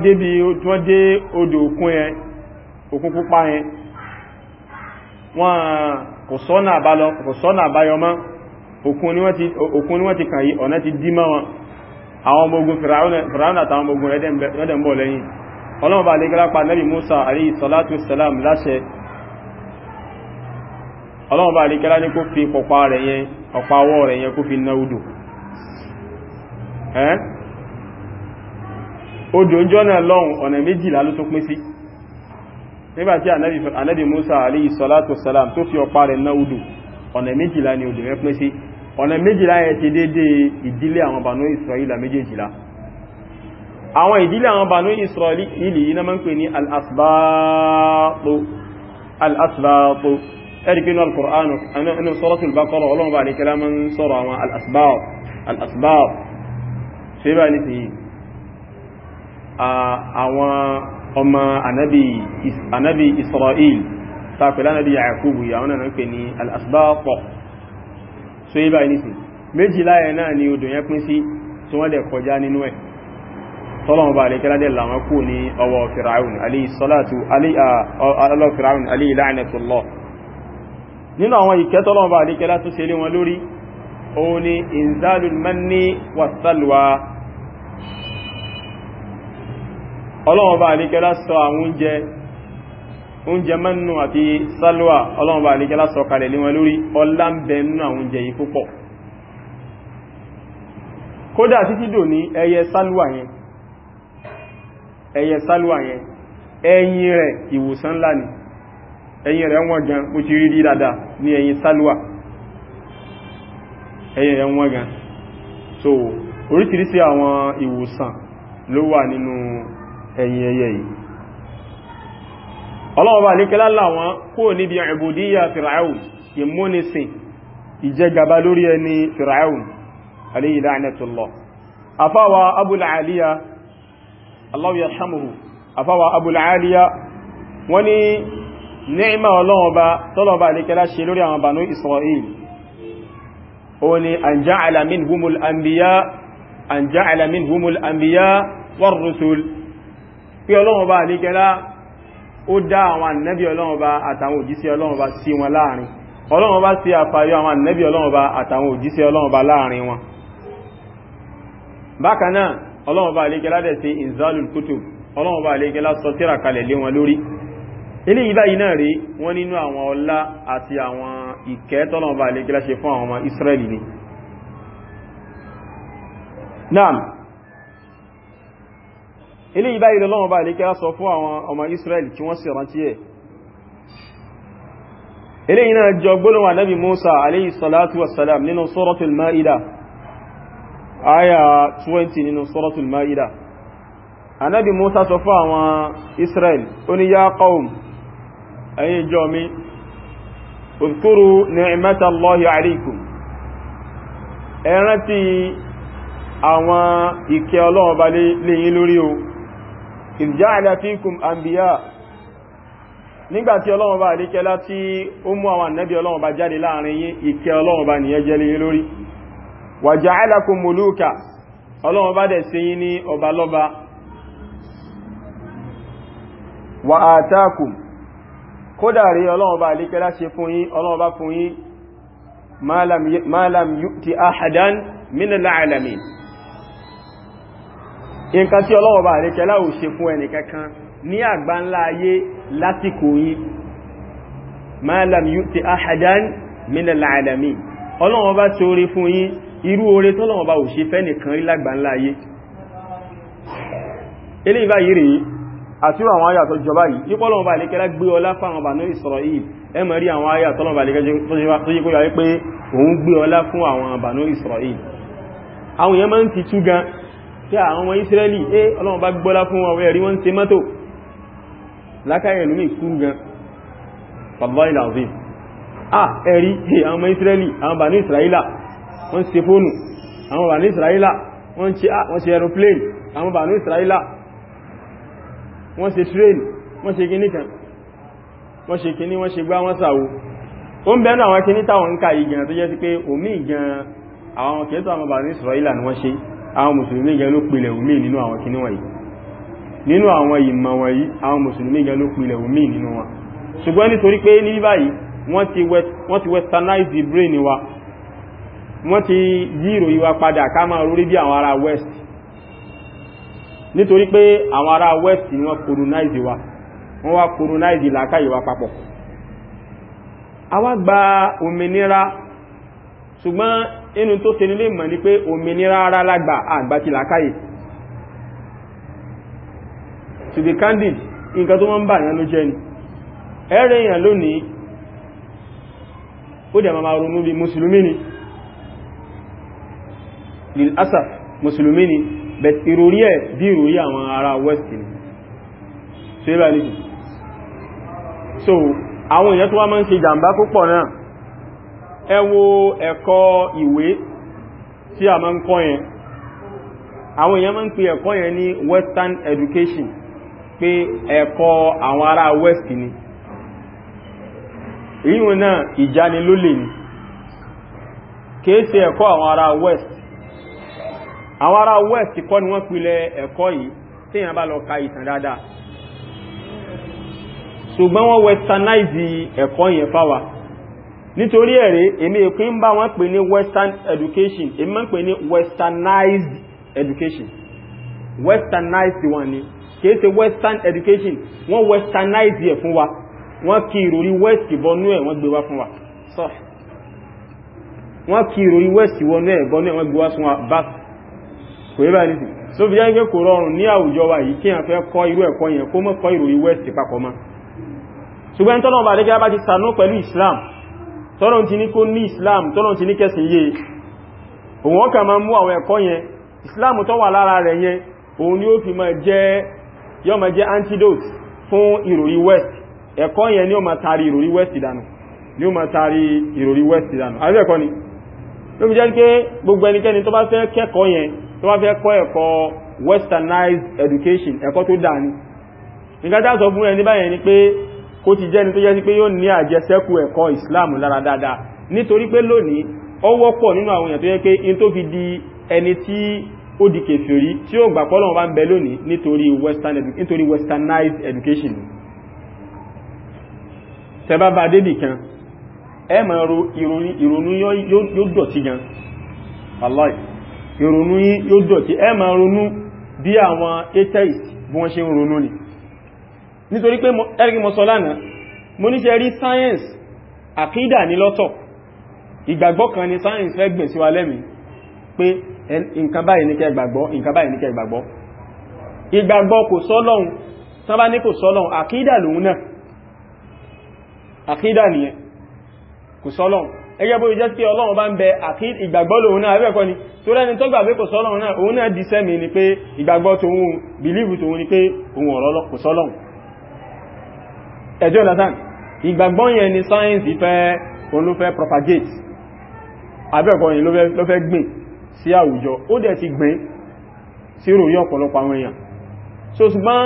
S1: tí wọ́n dé odò òkun yẹn yẹn wọ́n kò sọ́nà àbáyọ ti ti àwọn ọmọ ogun fìràún àtàwọn ọmọ ogun rẹ̀dẹ̀ ń bọ̀ lẹ́yìn ọlọ́run bá lè gẹ́lá pa nẹ́bí musa alayhi salatu salam láṣẹ ọlọ́run bá lè gẹ́lá ní kó fi pọ̀pá rẹ̀ yẹn ọ̀pá ọwọ́ rẹ̀ yẹn kó fi ná odò odò ń jọ́nà lọ́hùn ọ̀nà méjìlá ló tó pín sí nígbàtí anẹ́bí musa alayhi salatu salam tó fi ọ̀pá rẹ̀ ná odò ọ̀nà méjìlá ni odò rẹ̀ pín sí ọ̀nà méjìlá yẹn ti dédé ìdílé àwọn bànú ìsìrọ̀ílà méjèjìlá àwọn ìdílé àwọn bànú ìsìrọ̀ílì yìí na máa ń pè ní al-asbáàtò ẹ̀rìkínú al-kùránù inú suratul Baqara ọlọ́mọba àríkẹ́lá máa ń sọ̀rọ̀ àwọn al-asbáàtò so yí báyìí nìsìn méjìlá ẹ̀ náà ni odò yẹn pín sí tí wọ́n dẹ̀ kọjá nínú ẹ̀ tọ́lọ̀mọba àríkẹ́ládẹ̀ làwọn kò ní ọwọ́ fìràún aléyìí láàrínẹ̀tọ́lọ́ nínú àwọn ìkẹ́ tọ́lọ̀mọba àríkẹ́lá tó ṣe lé wọn lórí òun ni inzalul manni wasalwa ọlọ́mọba àríkẹ́lá sọ àwọn oúnjẹ mẹ́nu àti sálúwà ọlọ́ọ̀bà àlejẹ́lá sọ̀kalẹ̀ lé wọn lórí ọlá ń bẹ nínú àwọn oúnjẹ yìí púpọ̀ kódà títí dò ní ẹyẹ sálúwà yẹn ẹyẹ sálúwà yẹn ẹyin rẹ̀ ìwòsàn ńlá ni ẹyin rẹ̀ wọ́n gan mo ti rí rí dáadáa ní ẹyin sálúwà ẹyin rẹ̀ wọ́n gan so oríṣiríṣi àwọn ìwòsàn ló wà nínú ẹyin ẹyẹ yìí ọlọ́ọ̀bá alékẹ́lá láwọn kó níbi ẹ̀bùdíyà fìràáùn ìmúnisìn ìjẹgàba lórí ẹni fìràáùn alayhi la'natullah afáwa abúlàálíyà Allahu yarhamuhu afáwa abúlàálíyà wọ́n ni ni'ma ọlọ́ọ̀bá tọ́lọ̀bá alékẹ́lá ṣe lórí àwọn Banu Isra'il ó ní an ja'ala minhumul anbiya an ja'ala minhumul anbiya war rusul pé ọlọ́ọ̀bá ó dá àwọn ànẹ́bí ọlọ́run bá àtàwọn òjíṣẹ́ ọlọ́run bá sí wọn láàrin ọlọ́run bá sí àfàyọ àwọn ànẹ́bí ọlọ́run bá àtàwọn òjíṣẹ́ ọlọ́run bá láàrin wọn bákan náà ọlọ́run bá àlékẹ́lá dẹ̀ sí inzalul kutub ọlọ́run bá àlékẹ́lá sọ tírà kalẹ̀ lé wọn lórí ilé ìbáyìí náà rí wọ́n nínú àwọn ọlá àti àwọn ìkẹ́ tọ́lọ́run ilé ìbáyìí lọ́wọ́ bá lékẹ́ sọ fún àwọn ọmọ Israel kí wọ́n sì rántí ẹ̀ ilé iná jọ gbólówà nabi Musa alayhi salatu wassalam nínú suratul ma'ida aya 20 nínú suratul ma'ida anabi Musa sọ fún àwọn Israel ó ní ya qawm ẹ̀yin jọ mi udhkuru ni'matallahi alaykum ẹ rántí àwọn ìjáàlá fíkùm àmbíyà nígbàtí ọlọ́run bá àríkẹ́ láti ó mú àwọn ànábì ọlọ́run bá jáde láàrin yín ìkẹ́ ọlọ́run bá nìyẹn jẹ́ lé lórí wà ja'alakum muluka ọlọ́run bá dẹ̀ ṣe yín ní ọba wà àtàkùm kódàrí ọlọ́run bá àríkẹ́ nǹkan tí ọlọ́wọ́ bá rẹ̀ kẹlá ò ṣe fún ẹnì kankan ní àgbá ńlá ayé lásìkò yìí ma lam yu'ti ahadan min al-alamin ọlọ́wọ́ bá ṣe oore fún yín irú oore tọ́lọ́wọ́ bá ò ṣe fẹ́ nìkan rí lágbà ńlá ayé ilé ìbá yìí rèé àtúrò àwọn ayà tó èèyàn máa ń ti tú kí àwọn ọmọ Ísírẹ́lì é ọlọ́run bá gbọ́lá fún wọn ẹ̀rí wọ́n ṣe mọ́tò lákàyè ìlú mi kú gan bàbá ìlàzí ah ẹ̀rí àwọn ọmọ Ísírẹ́lì àwọn bà ní Ísírẹ́lì wọ́n ṣe fóònù àwọn bà ní Ísírẹ́lì wọ́n ṣe aeroplane àwọn bà ní Ísírẹ́lì wọ́n ṣe train wọ́n ṣe kíní kan wọ́n ṣe kíní wọ́n ṣe gbá wọ́n sàwó ó ń bẹ́ẹ̀nà àwọn kíní táwọn ń ka ìgàn tó jẹ́ sí pé òmí ìgàn àwọn kìí tó àwọn ní Ísírẹ́lì ni wọ́n ṣe àwọn mùsùlùmí gan ló pilẹ̀ omi nínú àwọn kinní wọ̀nyí nínú àwọn ìmọ̀ wọ̀nyí àwọn mùsùlùmí gan ló pilẹ̀ omi nínú wọn ṣùgbọ́n nítorí pé ní báyìí wọ́n ti westernize the brain wa wọ́n ti yí ìròyìn wa padà ká máa rórí bí àwọn ará west nítorí pé àwọn ará west ni wọ́n colonize wa wọ́n wá colonize làákàyè wa papọ̀ ṣùgbọ́n inú tó tẹni lè mọ̀ ní pé òmìnira ara lágbà àgbà ti làkáyè to be candid nǹkan tó mọ́ ń bà yẹn ló jẹ́ ni ẹ̀rẹ̀ èèyàn lónìí ó dẹ̀ máa ronú bí mùsùlùmí ni lil asaf mùsùlùmí ni but ìròrí ẹ̀ bí ìròrí àwọn ará west ni so so àwọn èèyàn tó wá máa ń ṣe jàǹbá púpọ̀ náà ẹ wo ẹ̀kọ́ ìwé tí a máa ń kọ́ yẹn àwọn èèyàn máa ń pè ẹ̀kọ́ yẹn ní western education pé ẹ̀kọ́ àwọn ará west ni ríhun náà ìjánilólè ni kìí ṣe ẹ̀kọ́ àwọn ará west àwọn ará west kọ́ ni wọ́n pilẹ̀ ẹ̀kọ́ yìí tí èèyàn bá lọ ka ìtàn dáadáa ṣùgbọ́n wọ́n westernize ẹ̀kọ́ yẹn fáwa nítorí ẹ̀rẹ́ èmi èkó ń bá wọn pè ní western education èmi máa ń pè ní westernized education westernized wọn ni kìí ṣe western education wọ́n westernized yẹ fún wa wọ́n kí ìròrí west bọnú ẹ̀ wọ́n gbé wá fún wa sọ wọ́n kí ìròrí west wọnú ẹ̀ bọnú ẹ̀ wọ́n gbé wá fún wa back kò yẹ báyìí nìsín so fi jẹ́ kò rọrùn ní àwùjọ wa yìí kí a fẹ́ kọ́ irú ẹ̀kọ́ yẹn kó mọ́ kọ́ ìròrí west papọ̀ mọ́ ṣùgbọ́n tọ́lọ́mọba adékẹ́ bá ti sànú pẹ̀lú Islam tọ́lọ̀n ti ní kó ní islam tọ́lọ̀n ti ní kẹsìn yé òun ọkà máa mú àwọn ẹ̀kọ́ yẹn islam tó wà lára rẹ̀ yẹn òun ni ó fi máa jẹ́ yọ máa jẹ́ antidote fún ìròrí west ẹ̀kọ́ yẹn ni ó máa tari ìròrí west dànù ni ó máa tari ìròrí west dànù àbí ẹ̀kọ́ ni ló fi jẹ́ pé gbogbo ẹnikẹ́ni tó bá fẹ́ kẹ́kọ̀ọ́ westernized education ẹ̀kọ́ tó dà ní nǹkan tá sọ fún ni pé kó ti jẹ́ni tó jẹ́ sí pé yóò ní àjẹsẹ́kù ẹ̀kọ́ islam lára dáadáa nítorí pé lónìí ó wọ́pọ̀ nínú àwọn èèyàn tó yẹ pé in tó fi di ẹni tí ó di kèfèrí tí ó gbàpọ̀ lọ́wọ́ bá ń bẹ lónìí nítorí westernized education tẹ́bá bá débì kan ẹ máa ro ìrònú yóò dọ̀tí gan Allah ìrònú yóò dọ̀tí ẹ máa ronú bí àwọn atheist bí wọ́n ṣe ń ronú ni nítorí pé ẹ̀rí mọ́sọ́lánà mo ní ṣe rí science àkídà ní lọ́tọ̀ ìgbàgbọ́ kan ni science fẹ́ gbìn sí wa lẹ́mìí pé nǹkan báyìí ní kẹ́ gbàgbọ́ nǹkan báyìí ní kẹ́ gbàgbọ́ ìgbàgbọ́ kò sọ́lọ́hun tán bá ní kò sọ́lọ́hun àkídà lòun náà àkídà nìyẹn kò sọ́lọ́hun ẹgẹ́ bó jẹ́ sí ọlọ́run bá ń bẹ ìgbàgbọ́ lòun náà abẹ́ẹ̀kọ́ ni tó rẹni tó kò sọ́lọ́run náà òun náà di sẹ́mi ni pé ìgbàgbọ́ tòun bìlíìfù tòun ni pé òun ọ̀rọ̀ kò sọ́lọ́run ẹjọ́ ìlàtàn ìgbàgbọ́ yẹn ni sáyẹ́nsì fẹ́ olúfẹ́ propagate abẹ́ẹ̀kọ́ yìí ló fẹ́ gbìn sí àwùjọ ó dẹ̀ ti gbìn sí ròyìn ọ̀pọ̀lọpọ̀ àwọn èèyàn so ṣùgbọ́n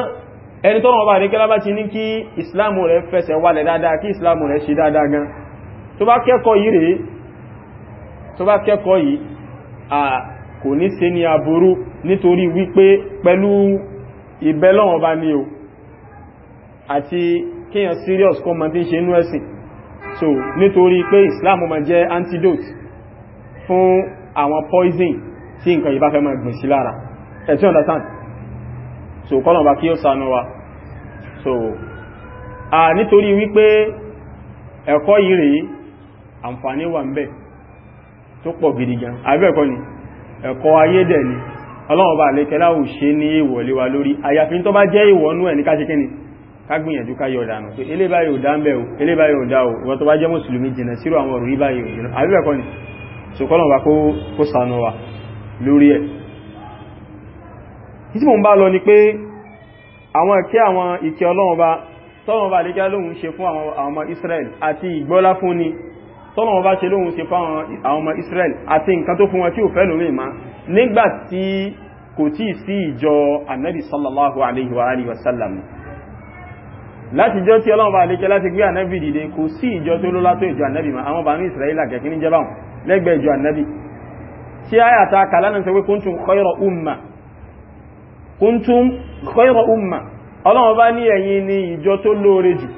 S1: ẹni tọ́nà ọba àríkẹ́lá bá ti ní kí ìsìláàmù rẹ̀ fẹsẹ̀ wálẹ̀ dáadáa kí ìsìláàmù rẹ̀ ṣe dáadáa gan tó bá kẹ́kọ̀ọ́ yìí rèé tó bá kẹ́kọ̀ọ́ yìí à kò ní ṣe ní aburú nítorí wípé pẹ̀lú ìbẹ́lọ́wọ̀n bá ní o àti kíyàn serious kọ́ mọ̀ ṣe inú ẹ̀sìn so nítorí pé Islam ma jẹ́ antidote fún àwọn poison tí nǹkan yìí bá fẹ́ máa gbìn sí lára ẹ ti understand so kọ́nà bá kí ó ṣàánú wa so a nítorí wípé ẹ̀kọ́ yìí rèé àǹfààní wà ń bẹ tó pọ̀ gidi gan àbẹ́ẹ̀kọ́ ni ẹ̀kọ́ ayédẹ̀ ni ọlọ́run bá lẹ́kẹ́lá ò ní ìwọ̀lé lórí àyàfi tó bá jẹ́ ìwọ̀nú ẹ̀ ní káṣekíní kágbìyànjú ká yọ ìdànù pé ilé báyìí ò dá ń bẹ̀ o ilé báyìí ò dá o ìwọ́n tó bá jẹ́ mùsùlùmí jìnà sírò àwọn ọ̀rọ̀ ìbáyìí ò jìnà àríwẹ̀kọ́ ni ṣùkọ́lọ̀ kó sànú wa lórí ẹ̀ tí mo ń bá lọ ni pé àwọn Israel àti ìgbọ́lá fún ni tọ́lọ́wọ́ba ṣe Israel àti nǹkan tó ma nígbà tí kò tí sí ìjọ annabi sallallahu alaihi wa alihi wasallam láti jọ tí ọlọ́run bá lè kẹ́ láti gbé ànábì dìde kò sí ìjọ tó lọ́lá tó ìjọ ànábì ma àwọn bàánú ìsìláìlà kẹ̀kí ní jẹba lẹ́gbẹ̀ẹ́ ìjọ ànábì tí a yà ta kàlánà sọ pé kúntùm khayra umma kúntùm khayra umma ọlọ́run bá ní ẹ̀yin ni ìjọ tó lóore jù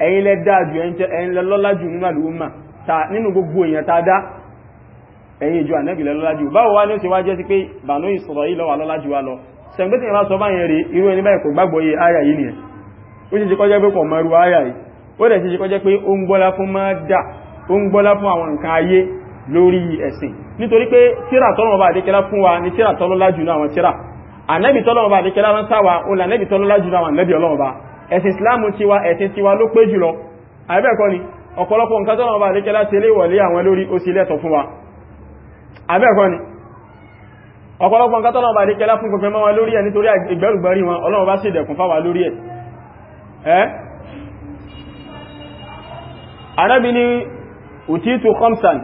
S1: ẹ̀yin lẹ ta dá ẹ̀yin ìjọ ànábì lẹ lọ́lá jù báwo wá ní ó ṣe wá jẹ́ sí pé bàánú ìsìláìlà wà lọ́lá jù wá lọ sẹ̀gbẹ́tì ìrásọ báyẹn rí irú ẹni báyìí kò gbàgbọ́ yé áyà yìí nìyẹn ó sì ṣe kọjẹ́ pé kò mọ̀rú àyà yìí ó dẹ̀ sì ṣe kọjẹ́ pé ó ń gbọ́lá fún mádà ó ń gbọ́lá fún àwọn nǹkan ayé lórí ẹ̀sìn nítorí pé tíra tọ́lọ́mọba àdékẹ́lá fún wa ni tíra tọ́lọ́lá jù náà àwọn tíra ànẹ́bì tọ́lọ́mọba àdékẹ́lá rán ni ọ̀pọ̀lọpọ̀ nǹkan tọ́lọ́mọba àdékẹ́lá tẹ́lẹ̀ wọlé àwọn lórí ó sì lẹ́tọ̀ ni ọ̀pọ̀lọpọ̀ nǹkan tọ́lọ́mọba àdékẹ́lá fún gbogbo mọ́ wa lórí ẹ̀ nítorí ìgbẹ́rùgbẹ́rí wọn ọlọ́mọba sì ee. arábi ni òtítù khamsan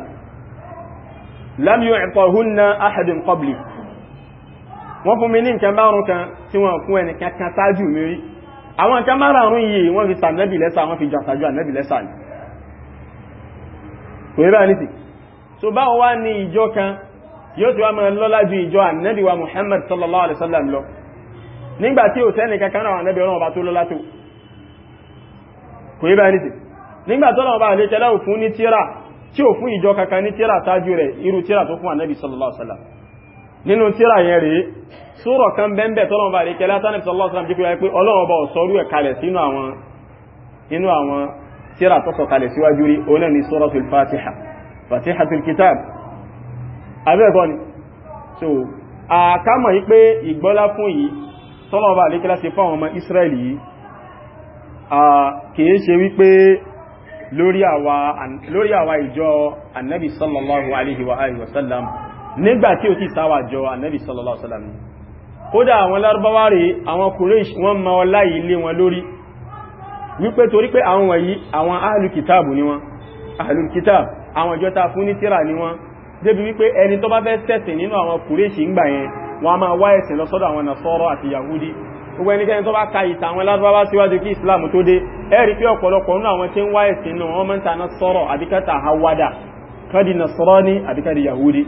S1: lam yu'tahunna ahadun wọ́n fún mi ní nǹkan márùn kan tí wọ́n kankan sáájú àwọn nǹkan márùn fi sàmẹ́bì lẹ́sà wọ́n fi jàtàjú àmẹ́bì lẹ́sà bá ti so wá ní ìjọ kan yóò wa Muhammad sallallahu kò yíba ẹni nígbà tó lọ́wọ́ bá lè tẹ́lá òfin ní tíra tí ò fún ìjọ kankan ní tíra tájú rẹ̀ irú tíra tó fún ànábì sallallahu alaihi wasallam nínú tíra yẹn rèé sóòrọ̀ kan bẹ́ẹ̀ tọ́lọ́wọ́ bá lè tẹ́lá tánàbì sallallahu alaihi wasallam jíkú ya pé ọlọ́wọ́ bá ọ̀sọ́rú ẹ̀ kalẹ̀ sínú àwọn inú àwọn tíra tó sọ̀kalẹ̀ síwájú rí oní ní suratul fatiha fatihatul kitab ọmọ israẹli yìí kìí ṣe wípé lórí àwa ìjọ annabi sallallahu alaihi wa alihi wasallam nígbà tí ó ti sáwà jọ annabi sallallahu alaihi wasallam kódà àwọn lárúbáwá rẹ̀ àwọn Quraysh wọ́n ma wọ́n láyé ilé wọn lórí wípé torí pé àwọn wọ̀nyí àwọn ahlul ni wọ́n ahlul kitab àwọn ìjọ ta fún ní tírà ni wọ́n débi wípé ẹni tó bá fẹ́ ṣẹ̀sìn nínú àwọn Quraysh ń yẹn wọ́n a máa wá ẹ̀sìn lọ sọ́dọ̀ àwọn Nasara àti Yahudi gbogbo ẹnikẹ́ni tó bá ka ìtàn àwọn lárúbáwá síwájú kí islam tó dé ẹ̀rí pé ọ̀pọ̀lọpọ̀ nínú àwọn tí ń wá ẹ̀sìn náà wọ́n máa ń ta hawada kadi nasrani àbíkadi yahudi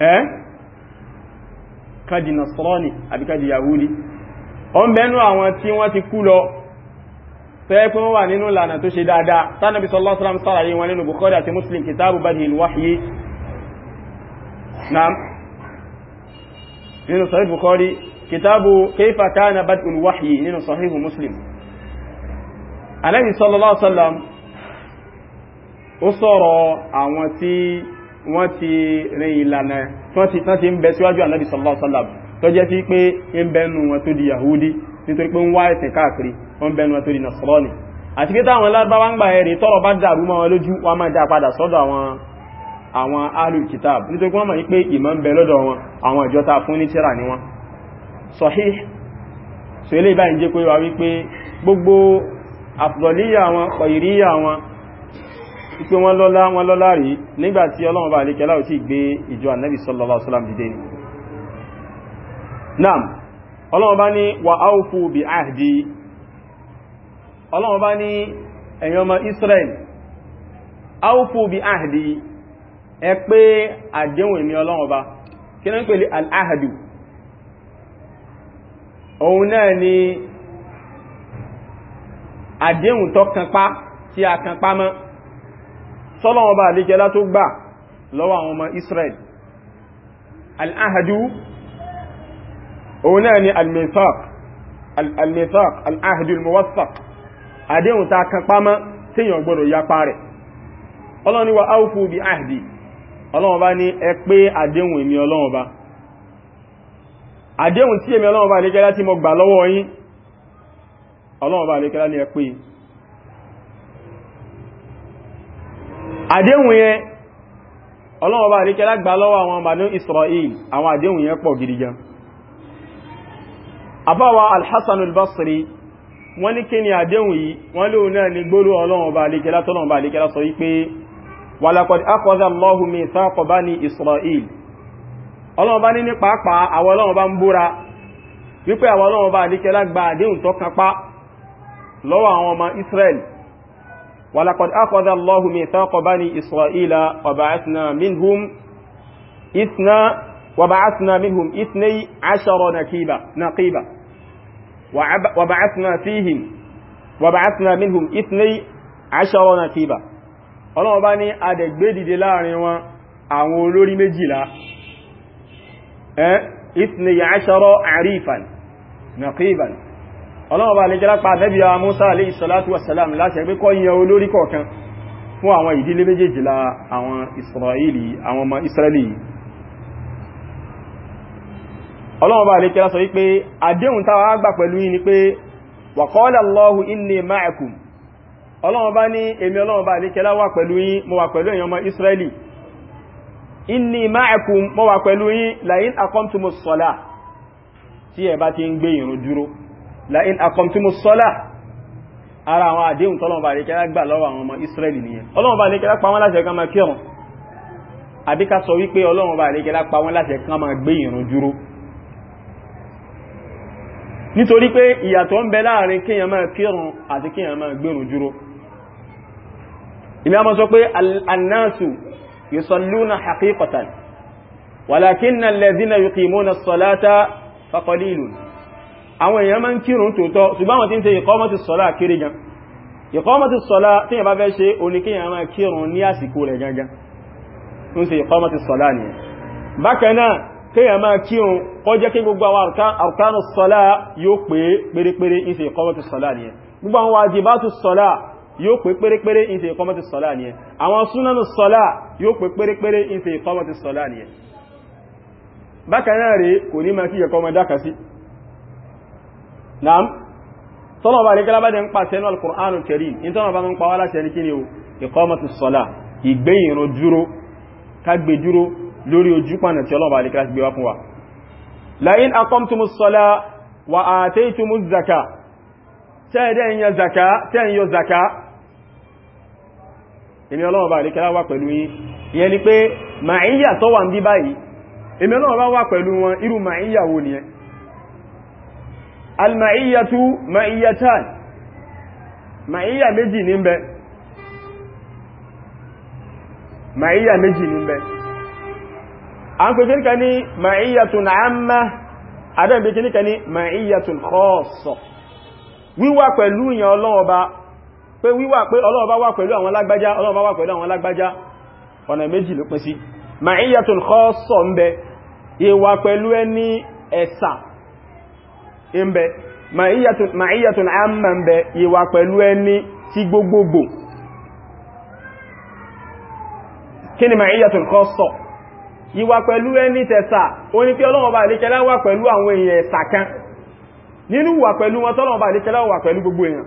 S1: ẹ́ kadi yahudi ọ ń àwọn tí wọ́n ti kú lọ tẹ́ẹ̀kún wà nínú lànà tó ṣe dáadáa tánàbí sallallahu alaihi muslim nínú sahih bukhari kitabu kayfa kana bad'ul wahyi nínú sahih muslim alayhi sallallahu alaihi wasallam ó sọ̀rọ̀ àwọn tí wọ́n ti rìn ìlànà tán ti ń bẹ síwájú ànábì sallallahu alaihi wasallam tó jẹ́ sí pé ń bẹnu wọn tó di yahudi nítorí pé ń wá ẹ̀sìn káàkiri wọ́n àwọn alù kitab nítorí wọ́n mọ̀ ní pé ìmọ̀ ń bẹ lọ́dọ̀ wọn àwọn ìjọta fún ní tíra ni wọ́n sahih so ilé ìbáyìí jẹ́ pé wà wípé gbogbo afdaliya wọn kọ̀yìríyà wọn pé wọ́n lọ́lá wọn lọ́lá rí nígbàtí ọlọ́run bá lékẹ́lá ò tí gbé ìjọ annabi sallallahu ní wa awfu bi ahdi ẹ pé àdéhùn èmi ọlọ́run ọba kí náà ń pèlè al-ahadu òun náà ni àdéhùn tó kanpá tí a kanpá mọ́ sọ́lọ́run ọba àlékẹ́lá tó gbà lọ́wọ́ àwọn ọmọ Israel al-ahadu òun náà ni al-mithaq al al-ahadu al-muwaththaq àdéhùn tá kanpá mọ́ téèyàn gbọ́dọ̀ yapa rẹ̀ ọlọ́run wa awfu bi ahdi ọlọ́run bá ní ẹ pé àdéhùn èmi ọlọ́run bá àdéhùn tí èmi ọlọ́run bá lè kẹ́lá tí mo gbà lọ́wọ́ yín ọlọ́run bá lè ní ẹ pé àdéhùn yẹn ọlọ́run bá lè gbà lọ́wọ́ àwọn Israel àwọn àdéhùn yẹn pọ̀ gidi gan àbáwa Al-Hasan Al-Basri wọ́n ní kí ni àdéhùn yìí wọ́n lóòun náà ni gbólú ọlọ́run bá lè kẹ́lá tọ́lọ́run bá sọ wípé walaqad akhadha Allahu mithaqa bani Isra'il ọlọ́run bá ní ní pàápàá àwọn ọlọ́run bá ń búra wípé àwọn ọlọ́run bá àdíkẹ́ lágbà àdéhùn tó kápá lọ́wọ́ àwọn ọmọ Israel walaqad akhadha Allahu mithaqa bani Isra'ila wa ba'athna minhum ithna wa ba'athna ọlọ́wọ́ bá ní adẹ̀gbédìde láàrin wọn àwọn olórí méjìlá ìtìnìyà aṣọ́rọ̀ àrífàn nàkíbàn ọlọ́run bá lẹ́jẹ́ lápá àdẹ́bí àwọn Musa alayhi salatu wassalam láti ẹgbẹ́ kọ́ olori olórí kọ̀ọ̀kan fún àwọn ìdílé méjèjìlá àwọn Israeli àwọn ọmọ Israeli ọlọ́run bá lẹ́jẹ́ lásọ wípé àdéhùn táwọn inni ọlọ́run bá ní èmi ọlọ́run bá ní kẹlá wà pẹ̀lú yín mo wà pẹ̀lú èyàn ọmọ israeli inni ma'akum mo wà pẹ̀lú yín la'in aqamtumus salah tí ẹ bá ti ń gbé ìrun dúró la'in aqamtumus salah ara àwọn àdéhùn tọ́lọ́run bá ní kẹlá gbà lọ́wọ́ àwọn ọmọ israeli nìyẹn ọlọ́run bá ní kẹlá pa wọ́n láṣẹ kan máa kírun àbí ká sọ ìmọ̀ sọ pé annásu yusalluna haqiqatan walakinna alladhina yuqimuna as-salata faqalilun àwọn èèyàn máa ń kírun tòótọ́ ṣùgbọ́n wọ́n ti ń ṣe iqamati as-sala kiri gan iqamati as-sala tí yẹn bá fẹ́ ṣe oníkíyàn máa kírun ní àsìkò rẹ̀ gangan ń ṣe iqamati as-sala ni kí gbogbo àwọn arkanu as yóò pé pérépéré ń ṣe iqamati as-sala gbogbo àwọn wajibatu as-sala yóò pé pérépéré ń ṣe ìkọ́mọ́tì sọ́lá nìyẹn àwọn súnánù sọ́lá yóò pé pérépéré ń ṣe ìkọ́mọ́tì sọ́lá nìyẹn bákan náà rèé kò ní máa kí ẹ̀kọ́ ọmọ dákà sí naam tọ́lọ̀ bá rẹ̀kẹ́lá bá jẹ́ ń pàṣẹ náà al-Qur'anul Karim in tọ́lọ̀ bá mọ́ ń pa wá láṣẹ ní kíni o ìkọ́mọ̀tù sọ́lá ìgbé ìrun dúró kágbé dúró lórí ojú zaka Eme ọlọ́wọ́ bá lè kẹ́lá wà pẹ̀lú yín ìyẹn ni pé màáyà tó wà ń bí báyìí èmi ọlọ́wọ́ bá wà pẹ̀lú wọn irú wo nìyẹn almaiyatu maiyatan màáyà méjì ní bẹ màáyà méjì ní bẹ a ń pè kíníkà ní màáyàtun àmà adẹ́ ìgbé kíníkà pé wíwà pé Ọlọ́run bá wà pẹ̀lú àwọn lágbájá Ọlọ́run bá wà pẹ̀lú àwọn lágbájá ọ̀nà méjì ló pín sí ma'iyatun khassa ń bẹ ìwà pẹ̀lú ẹni ẹ̀sà ń bẹ ma'iyatun amma ń bẹ ìwà pẹ̀lú ẹni tí gbogbogbò ìwà pẹ̀lú wọn àdíkẹ́lá wà pẹ̀lú gbogbo èèyàn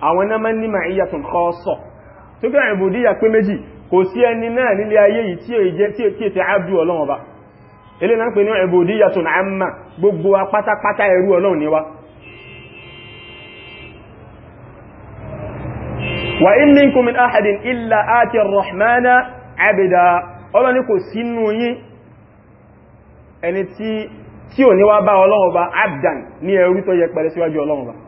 S1: àwọn náà máa ń ní ma'iyatun khassa tó kí ìbùdíyà pé méjì kò sí ẹni náà nílé ayé yìí tí èyí jẹ́ tí èkí ètè abdu ọlọ́run ọba ilé náà pè ní ìbùdíyatun amma gbogbo apátápátá ẹrú ọlọ́run ni wá wa ẹrú tó yẹ pẹ̀lẹ́ síwájú ọlọ́run ọba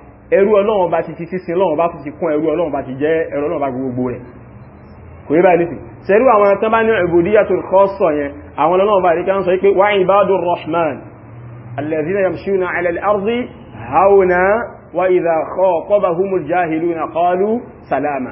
S1: ẹrú ọlọ́run bá ti fi sísin lọ́run bá ti kún ẹrú ọlọ́run bá ti jẹ́ ẹrú ọlọ́run bá gbogbo rẹ̀ kò yí báyìí nìsí ṣẹrú àwọn tán bá ní ubudiyatul khassa yẹn àwọn ọlọ́run bá rí ká ń sọ pé wa ibadur rahman alladhina yamshuna ala al-ardi hawna wa idha khatabahumul jahiluna qalu salama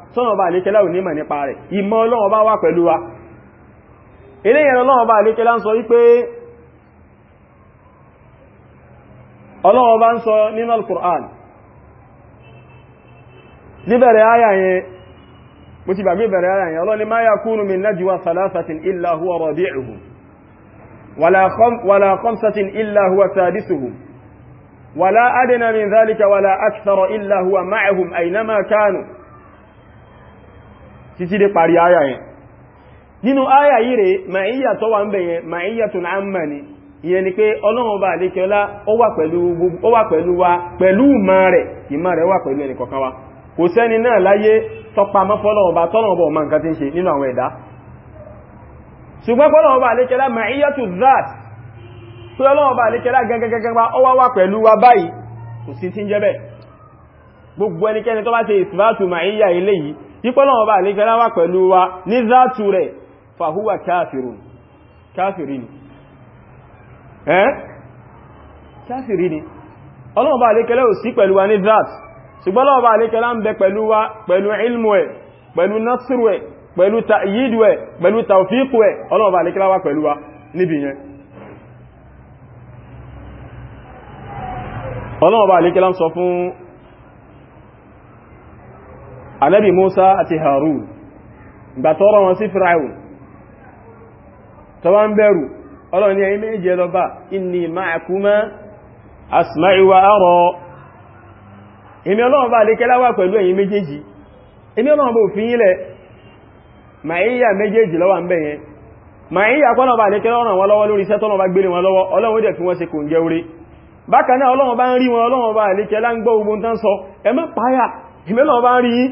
S1: sọ́nà ọba àlékẹ́lá ò nímọ̀ nípa rẹ̀ ìmọ̀ ọlọ́run ọba wà pẹ̀lú wa eléyìn ọlọ́run ọba àlékẹ́lá ń sọ wípé ọlọ́run ọba ń sọ nínú al-Qur'an níbẹ̀rẹ̀ ayà yẹn mo ti gbàgbé bẹ̀rẹ̀ ayà yẹn ọlọ́ni ma yakunu min najwa thalathatin illa huwa rabi'uhum wala khamsatin illa huwa sadisuhum wala adna min dhalika wala akthara illa huwa ma'ahum aynama títí dé parí àyà yẹn nínú àyà yìí rẹ̀ iya tó wà ń bẹ̀ yẹn iya tó náà mà ní ni pé ọlọ́run ọba àlékẹ́ọ́lá ó wà pẹ̀lú wa pẹ̀lú ìmọ̀ rẹ̀ ìmọ̀ rẹ̀ wà pẹ̀lú ẹnì kọ̀ọ̀kan wa kò sẹ́ni náà láyé tọpamọ́ fọ́lọ́run ọba tọ́lọ́run ọba ṣe nínú àwọn ọba tó ìpọ́lọ̀wọ̀ bá lè gẹ́lá wà pẹ̀lú wa ní záàtù rẹ̀ fàhúwà káàfìrún káàfìrín ẹ́ káàfìrín ọlọ́wọ̀ bá lè gẹ́lá ò sí pẹ̀lú wa ní záàtù ṣùgbọ́n ọlọ́wọ̀ bá lè gẹ́lá ń bẹ pẹ̀lú wa pẹ̀lú ilmu ẹ̀ pẹ̀lú nasiru ẹ̀ pẹ̀lú ta'yidu ẹ̀ pẹ̀lú tawfiqu ẹ̀ ọlọ́wọ̀ bá lè gẹ́lá wà pẹ̀lú wa níbi yẹn ọlọ́wọ̀ bá lè gẹ́lá sọ fún anábì Musa àti Harun gbà tọ́rọ wọn sí Fir'aun tó bá ń bẹ̀rù ọlọ́run ní ẹ̀yin méje lọ bá inni ma'akuma a wa ara èmi ọlọ́run bá lè kẹ́láwà pẹ̀lú ẹ̀yin méjèèjì èmi ọlọ́run bó fi yílẹ̀ ma'íyà méjèèjì lọ́wà ń bẹ̀yẹn ma'íyà kọ́nà bá lè kẹ́lọ́ràn wọn lọ́wọ́ lórí sẹ́tọ́nà bá gbélé wọn lọ́wọ́ ọlọ́run fi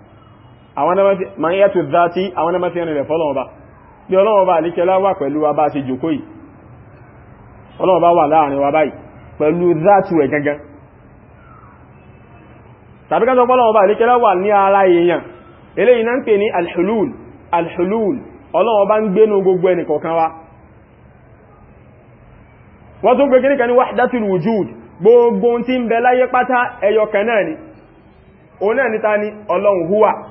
S1: ma ń yẹ́tù dáti àwọn ẹmọ́ fi ẹni rẹ̀ fọ́lọ́wọ́ba bí ọlọ́wọ́ba àlíkẹ́lá wà pẹ̀lú wa bá ṣe jòkó yìí ọlọ́wọ́ba wà láàrin wa báyìí pẹ̀lú dáti ẹ̀ gangan tàbí ká sọ pọ́lọ́wọ́ba àlíkẹ́lá wà ní ara èèyàn eléyìí náà ń pè ní alhulul alhulul wa wọ́n tún pè kí ní wahdatul wujud gbogbo tí ń bẹ láyé pátá ni òun náà níta ni ọlọ́run húwà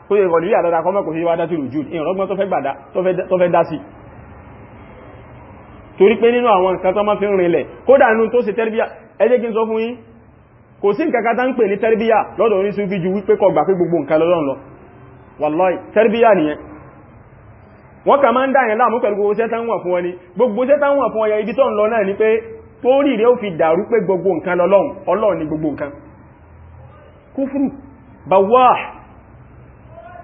S1: kó yẹ ìrọ̀lú yà dára kọ́mọ̀ kò sí wá dátìrù jù ìrọ̀gbọ́n tó fẹ́ gbàdá tó fẹ́ dá sí torí pé nínú àwọn nǹkan tó máa fi ń rinlẹ̀ kódà nínú tó ṣe tẹ́rbíyà ẹ jẹ́ kí n sọ fún yín kò sí nǹkan ń pè ní tẹ́rbíyà lọ́dọ̀ oní ni gbogbo sẹ́tà ń wọ̀n fún ọyọ ibi tó ń lọ náà ni pé pórí rẹ̀ ó fi dàrú pé gbogbo ni gbogbo nǹkan kúfùrù bàwáà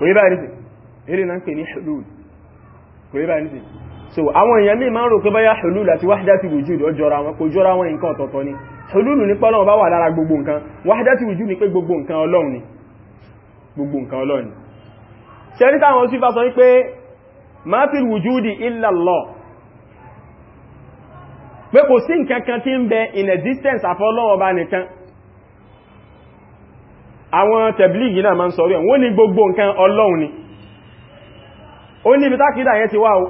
S1: kò báyìí nìsìn eré náà ń pè ní báyìí so àwọn èèyàn lè máa ń rò pé báyá hulul àti wahdati wujud ó nke wọn kò jọra wọn nǹkan ọ̀tọ̀ọ̀tọ̀ ni hulul nípa ọlọ́run bá wà lára gbogbo nǹkan wahdati wujud ni pé gbogbo nǹkan ọlọ́run ni gbogbo ni in àwọn tẹ̀blígì náà ma ń sọ̀rọ̀ wọ́n ní gbogbo nǹkan ọlọ́run ni ó ní ibítá kìdá yẹn ti wá o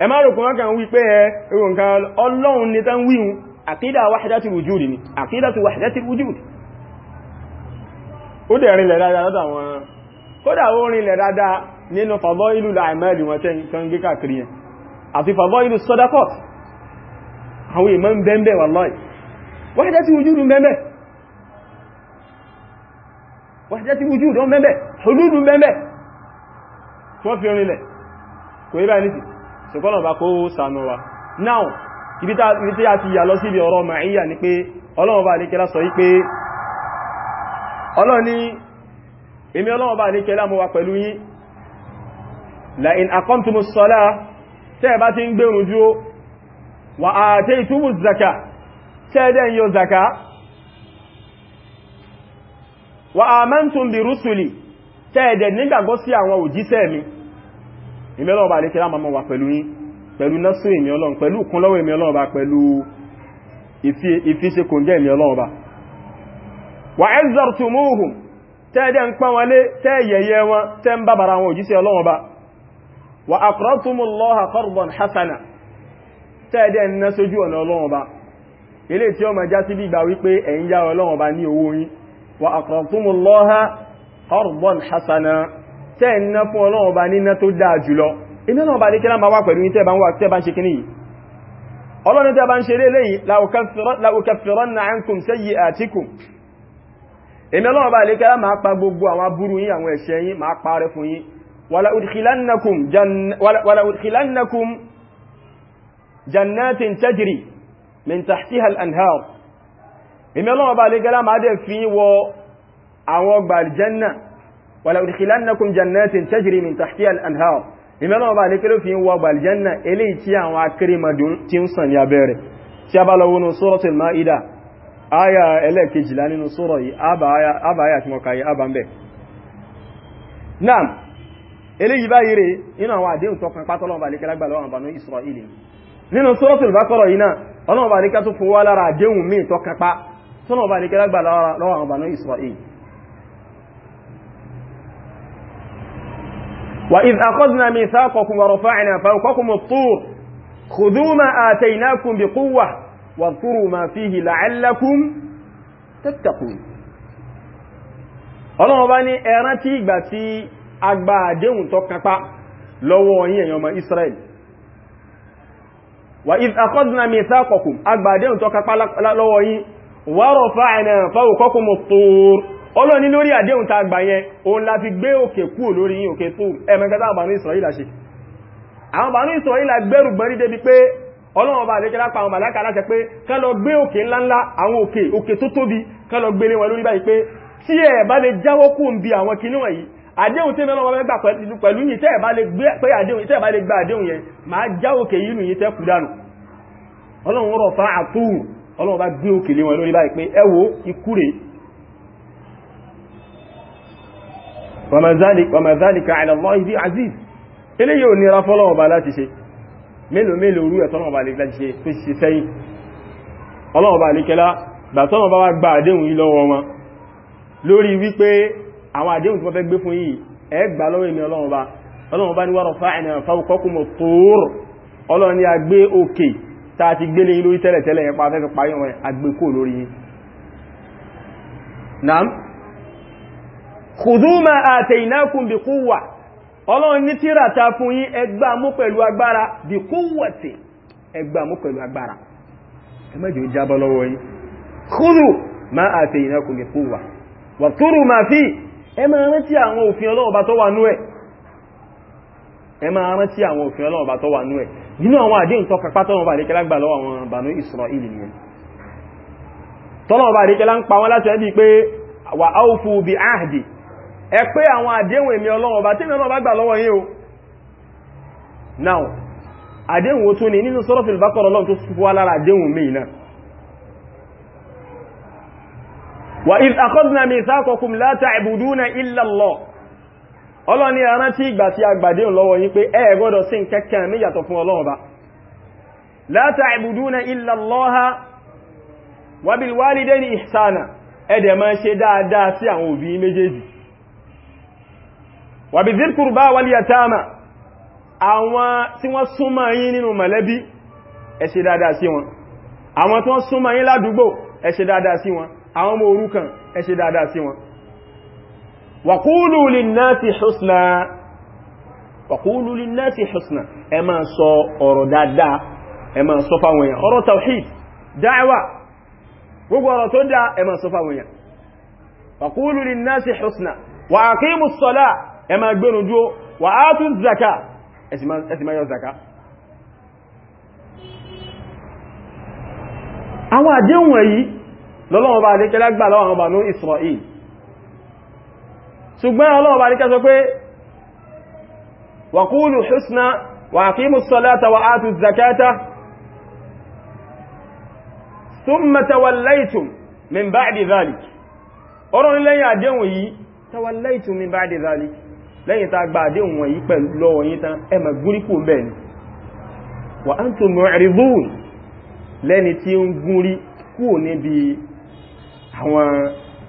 S1: ẹ má rò kùnrin kan wípé ẹ rò nǹkan ọlọ́run ni tán wíhun àkídà wahdatul wujud ni àkídà tó wahdatul wujud ó dẹ̀ rinlẹ̀ dáadáa lọ́dọ̀ àwọn kódà ó rinlẹ̀ dáadáa nínú fadailu àìmẹ́lì wọn tẹ́ kan gé káàkiri yẹn àti fadailu sadaqat àwọn ìmọ̀ ń bẹ́ẹ̀ wallahi wahdatul wujud ń bẹ́ẹ̀ wàṣẹ́ ti wújú ìdán bẹ́ẹ̀ hududu bẹ́ẹ̀ tí wọ́n fi rinlẹ̀ kò yí báyìí nìtì ṣùgbọ́n ọba kó sànú wa now ibi tí a ti yà lọ sí ibi ọ̀rọ̀ ma'íyà ni pé ọlọ́run bá ní kẹ́lá sọ yí pé ọlọ́run ní èmi la in aqamtumu s-salah tẹ́ bá ti ń wa ataytumu z-zakah tẹ́ dẹ̀ ń wa amantum bi rusuli tẹ́ẹ̀dẹ̀ nígbàgbọ́ si àwọn ojise mi ìmẹ́lọ́wọ́ bá lékẹ́lá pelu wà pẹ̀lú yín pelu násù èmì ọlọ́run pẹ̀lú ìkúnlọ́wọ́ èmì ọlọ́run bá pẹ̀lú ìfíṣe kò jẹ́ èmì ọlọ́run bá te ẹ́zọ̀rtùmúhùn tẹ́ẹ̀dẹ̀ ń wọn tẹ́ ń bábara wọn òjíṣẹ́ ọlọ́run bá wà aqratumullaha qardan hasana tẹ́ẹ̀dẹ̀ wípé ní wa aqrabtumullaha qardan hasana tẹ́ ń ná fún ọlọ́run ọba níná tó dáa jùlọ iná náà bá lékẹ́lá máa wà pẹ̀lú yí tẹ́ bá ń wà tẹ́ bá ń ṣe kíní yìí ọlọ́run tẹ́ bá ń ṣe léyìí la ukaffiranna ankum sayyi'atikum èmi èmi ọlọ́wọ́ bá lè gẹ́lá máa dẹ̀ fi wọ àwọn ọgbà aljanna wàlá udkhilannakum jannatin tajri min tahtiha al-anhar èmi ọlọ́wọ́ bá lè kéré fi wọ ọgbà aljanna eléyìí tí àwọn akérèmọdún tí ń sàn ní abẹ́rẹ̀ tí a bá lọ wọnú suratul tí mo kà yìí àbá nínú suratul yìí náà bá lè ká tó fowó lára àdéhùn míì tọkàn tọ́nà ọba ní kẹ́lágbà lọ́wọ́ àwọn Banu Isra'il wa idh akhadna mithaqakum wa rafa'na fawqakum at-tur khudhu ma ataynakum biquwwa wadhkuru ma fihi la'allakum tattaqun ọlọ́wọ́ bá ní ẹran tí ìgbà tí agbà àdéhùn tó kápá lọ́wọ́ wa idh akhadna mithaqakum agbà àdéhùn tó lọ́wọ́ yín wa rafa'na fawqakumu at-tur ọlọ́run ní lórí àdéhùn tá gbà yẹn òun la fi gbé òkè kúrò lórí yín òkè tó ẹ̀mẹ́kẹta àwọn Banu Israila ṣe àwọn Banu Israila gbẹ́rù gbẹ́rí débi pé ọlọ́run ọba àdékẹ́ lápá àwọn màláka aláṣẹ pé kán lọ gbé òkè ńláńlá àwọn òkè òkè tó tóbi kán lọ gbélé wọn lórí báyìí pé tí ẹ̀ bá lè jáwọ́ kú ń ọlọ́run bá gbé òkèlé wọn lórí báyìí pé ẹ wò ikú rẹ̀ wàmàzálìkà àìlàlọ́ ìdí aziz eléyìí ò nira fọ́lọ́run bá láti ṣe mélòó mélòó orú ẹ̀tọ́lọ́run bá láti ṣe tó ṣe sẹ́yìn ọlọ́run bá lékẹ́lá gbàtọ́lọ́run bá wá gba àdéhùn yìí lọ́wọ́ wọn lórí wípé àwọn àdéhùn tí wọ́n fẹ́ ọlọ́run ni a gbé òkè tá a ti gbélé yín lórí tẹ́lẹ̀ tẹ́lẹ̀ yẹn pa afẹ́fẹ́ parí wọn agbékò lórí yín naam khudhu ma ataynakum bi quwwa ọlọ́run ní tíra ta fún yín ẹgbà mú pẹ̀lú agbára bi quwwati ẹgbà mú pẹ̀lú agbára ẹ má jẹ́ jábọ́ lọ́wọ́ yín khudhu ma ataynakum bi quwwa waqturu ma fi ẹ máa rántí àwọn òfin ọlọ́run tó wà nú ẹ̀ ẹ máa rántí àwọn òfin ọlọ́run tó wà nú ẹ̀ nínú àwọn àdéhùn tó kàpá tọ́lọ̀ ọba àríkẹ́lá gbà lọ́wọ́ àwọn Banu Israel nìyẹn tọ́lọ̀ ọba àríkẹ́lá ń pa wọ́n láti ẹbí pé wà áwùfù bí áàdì ẹ pé àwọn àdéhùn èmi Ọlọ́run ọba tí mi Ọlọ́run bá gbà lọ́wọ́ yín o now àdéhùn ọlọ́run ní arántí ìgbà tí agbàdéhùn lọ́wọ́ yín pé ẹ gbọ́dọ̀ sí kẹ́kẹ́ mí fún ọlọ́run ba la ta'buduna na Allaha wa bil walidayni ihsana máa ṣe dáadáa sí àwọn òbí méjèèjì wa bizil qurba wal tí wọn tí wọn wàkúlù linnati husna wàkúlù linnati husna ẹ máa sọ ọ̀rọ̀ dáadáa ẹ máa sọ fáwọn èèyàn ọ̀rọ̀ tawhid dáẹwà gbogbo ọ̀rọ̀ tó dá ẹ máa sọ fáwọn èèyàn wàkúlù linnati husna wà ákímù sọ́lá ẹ máa gbẹ́nu dúó wà átù zaka ẹ máa yọ zaka àwọn àdéhùn wọ̀nyí lọ́lọ́wọ́ bá adékẹ́lá gbà lọ́wọ́ àwọn ọba ní Israel ṣùgbọ́n Ọlọ́run bá ní ká sọ pé wàkúlù husna wà aqimu salata wà atu zakata thumma tawallaytum min ba'di dhalik ọ̀rọ̀ ní lẹ́yìn àdéhùn yìí tawallaytum min ba'di dhalik lẹ́yìn tá gba àdéhùn wọ̀nyí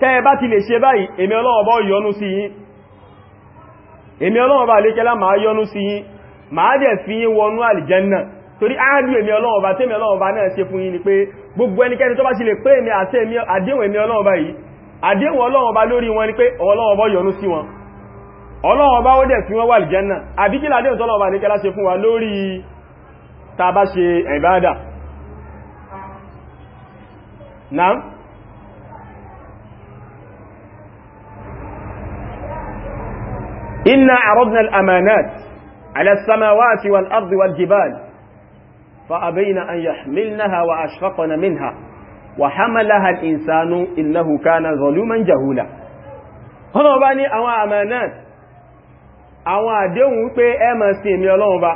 S1: tẹ́ bá ti lè ṣe báyìí èmi Ọlọ́run bá yọ́nú sí yín èmi Ọlọ́run bá lékẹ́lá máa yọ́nú sí yín máa dẹ̀ fi yín wọnú àlìjẹ́nà torí áàdù èmi Ọlọ́run bá tẹ́mi Ọlọ́run bá náà ṣe fún yín ni pé gbogbo ẹnikẹ́ni tó bá ti lè pé èmi àti àdéhùn èmi Ọlọ́run bá yìí àdéhùn Ọlọ́run bá إنا عرضنا الأمانات على السماوات والأرض والجبال فأبين أن يحملنها وأشفقن منها وحملها الإنسان إنه كان ظلوما جهولا ọlọ́run ọba ní àwọn àmànà àwọn àdéhùn wípé ẹmọ̀ sí èmì ọlọ́run ọba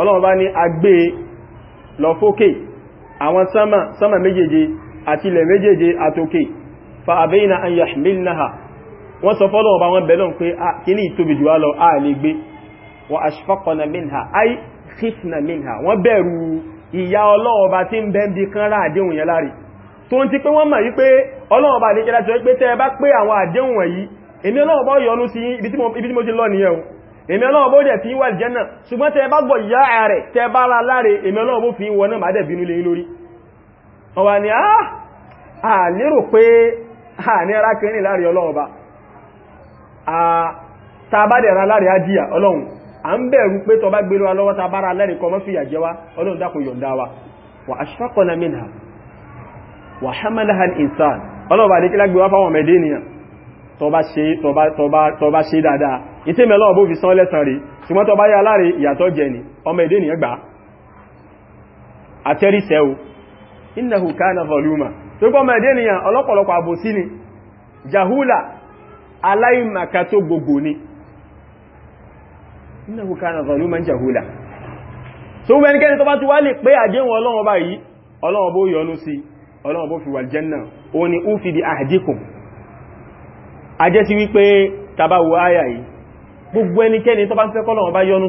S1: ọlọ́run ọba ní agbé e lọ fókè àwọn sánmà sánmà méjèèje àti ilẹ̀ méjèèje àtòkè fa àbẹ́yìnà an yahmilnaha wọ́n sọ fọ́lọ̀ ọba wọn bẹ̀lọ́n pé ah, kíní ìtóbi jù wá lọ a lè gbé wa ashfaqna minha ay khifna minha wọ́n bẹ̀rù ìyá ọlọ́ọba tí ń bẹ́ ń bi kán rá àdéhùn yẹn láre tó ń ti pé wọ́n mọ̀ wípé ọlọ́ọba lè jẹ́lá jọ pé tẹ́ ẹ bá pé àwọn àdéhùn wọ̀nyí èmi ọlọ́ọba yọ́nú sí ni ah, a lérò pé a ní láàrin ọlọ́ọba tàbádẹ̀ra larịị ajíyà ọlọ́run a ń bẹ̀rù pé tọba gbé lọ́wọ́ lọ́wọ́ tàbára lẹ́rin kọmọ́ fìyà jẹ ọlọ́run wa wa ashfaqna minha wa hamalaha insan ọlọ́run bá dékílá gbé wá fáwọn ọmọ tọba ṣe dáadáa ìtí mẹ́lọ́ bó fi sán lẹ́sàn aláìmàká tó gbogbo ni innahu kana zaluman jahula so mẹ́nikẹ́ni tó bá ti wá lè pé àdéhùn ọlọ́run ọba yìí ọlọ́run bó yọ́nú sí ọlọ́run bó fi wà jẹ́nà o ni ó fi di ahdikum a jẹ́ sí wípé tabawo áyà yìí gbogbo ẹnikẹ́ni tó bá fẹ́ kọ́lọ́run ọba yọ́nú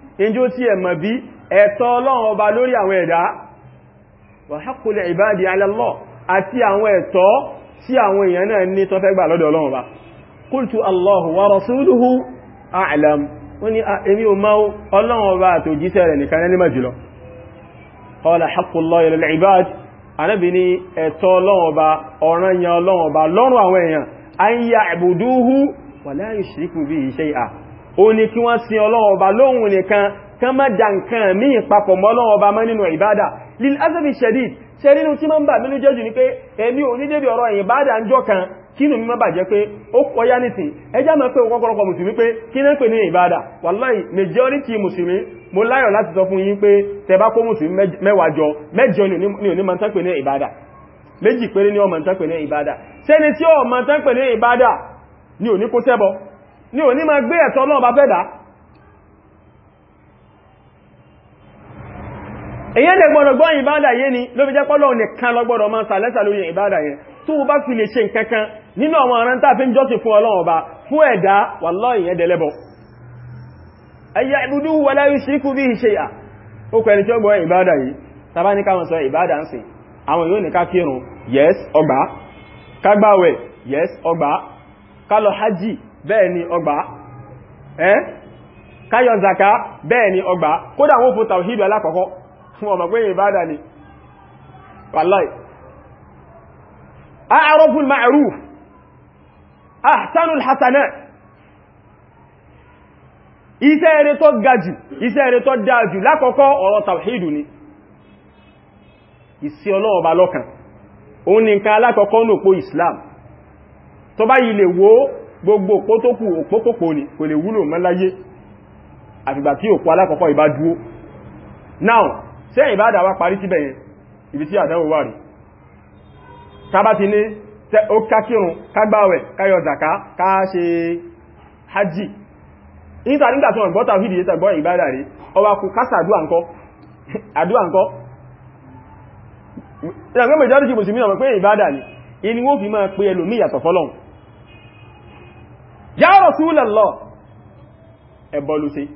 S1: injú tí ẹ mọ̀ bí ẹ̀tọ́ ọlọ́run ọba lórí àwọn ẹ̀dá wa haqqul ibadi ala Allah àti àwọn ẹ̀tọ́ tí àwọn èèyàn náà ní tó fẹ́ gbà lọ́dọ̀ ọlọ́run ọba qultu Allahu wa rasuluhu a'lam ó ní èmi ò máa ọlọ́run ọba àtòjíṣẹ́ rẹ̀ nìkan ní mọ̀ jùlọ qala haqqullahi lil ibad anábì ó ní kí wọ́n sin Ọlọ́run Ọba lóhun nìkan kán má dá nǹkan míì papọ̀ mọ́ Ọlọ́run Ọba mọ́ nínú ìbádà lil azabi shadid ṣe nínú tí ma ń bà nínú lójẹ́ ní pé èmi ò ọrọ ibada ọ̀rọ̀ ìbádà ń jọ kan kí inú mi bàjẹ́ pé ó kọjá nìsín ẹjá máa pé mùsùlùmí pé kí pè ní ìbádà mùsùlùmí mo láyọ̀ láti fún pé tẹbá kó mùsùlùmí mẹ́wàá jọ mẹ́jọ ni ò ní ò ma gbé ẹ̀tọ́ náà bá fẹ́ dá èyẹ́ lè gbọ́dọ̀ gbọ́ ìbádà yé ni ló fi jẹ́ pọ́lọ̀ nìkan lọ́gbọ́dọ̀ máa sàlẹ́sà lórí ìbádà yẹn tó bá fi lè ṣe nǹkankan nínú àwọn ọ̀rán tàà fi ń fún Ọba fún ẹ̀dá wallahi ẹ̀yà bẹ́ẹ̀ ni ọgbà ẹ́ káyọ̀ zaka bẹ́ẹ̀ ni ọgbà kódà wọ́n fún tàwíìdù alákọ̀ọ́kọ́ wọ́n mọ̀ pé ìbádà ni wallahi a'raful ma'ruf ahsanul hasanat iṣẹ́ eré tó gajù iṣẹ́ eré tó dájù lákọ̀ọ́kọ́ ọ̀rọ̀ tàwíìdù ni ìsí ọlọ́ọ̀bá lọ́kàn òun ni nǹkan alákọ̀ọ́kọ́ nù pó Islam tó bá yìí lè wo gbogbo òpó tó kù òpópòpò ni kò lè wúlò mọ́ láyé àfìgbà tí òpó alákọ̀ọ́kọ́ ìbá dúó now ṣe ìbádà wá parí síbẹ̀ yẹn ibi tí àdánwò wà rí tàbá ti ní ó kákírun kágbàwẹ̀ káyọ zàká káṣe hajji níta nígbà tí wọ́n gbọ́ tàwídì yẹ́ tàgbọ́ ìbádà rí ọwá kú kásà àdúà ńkọ́ àdúà ńkọ́ ìrànlọ́mọ̀ ya Rasulullah ẹbọlú sí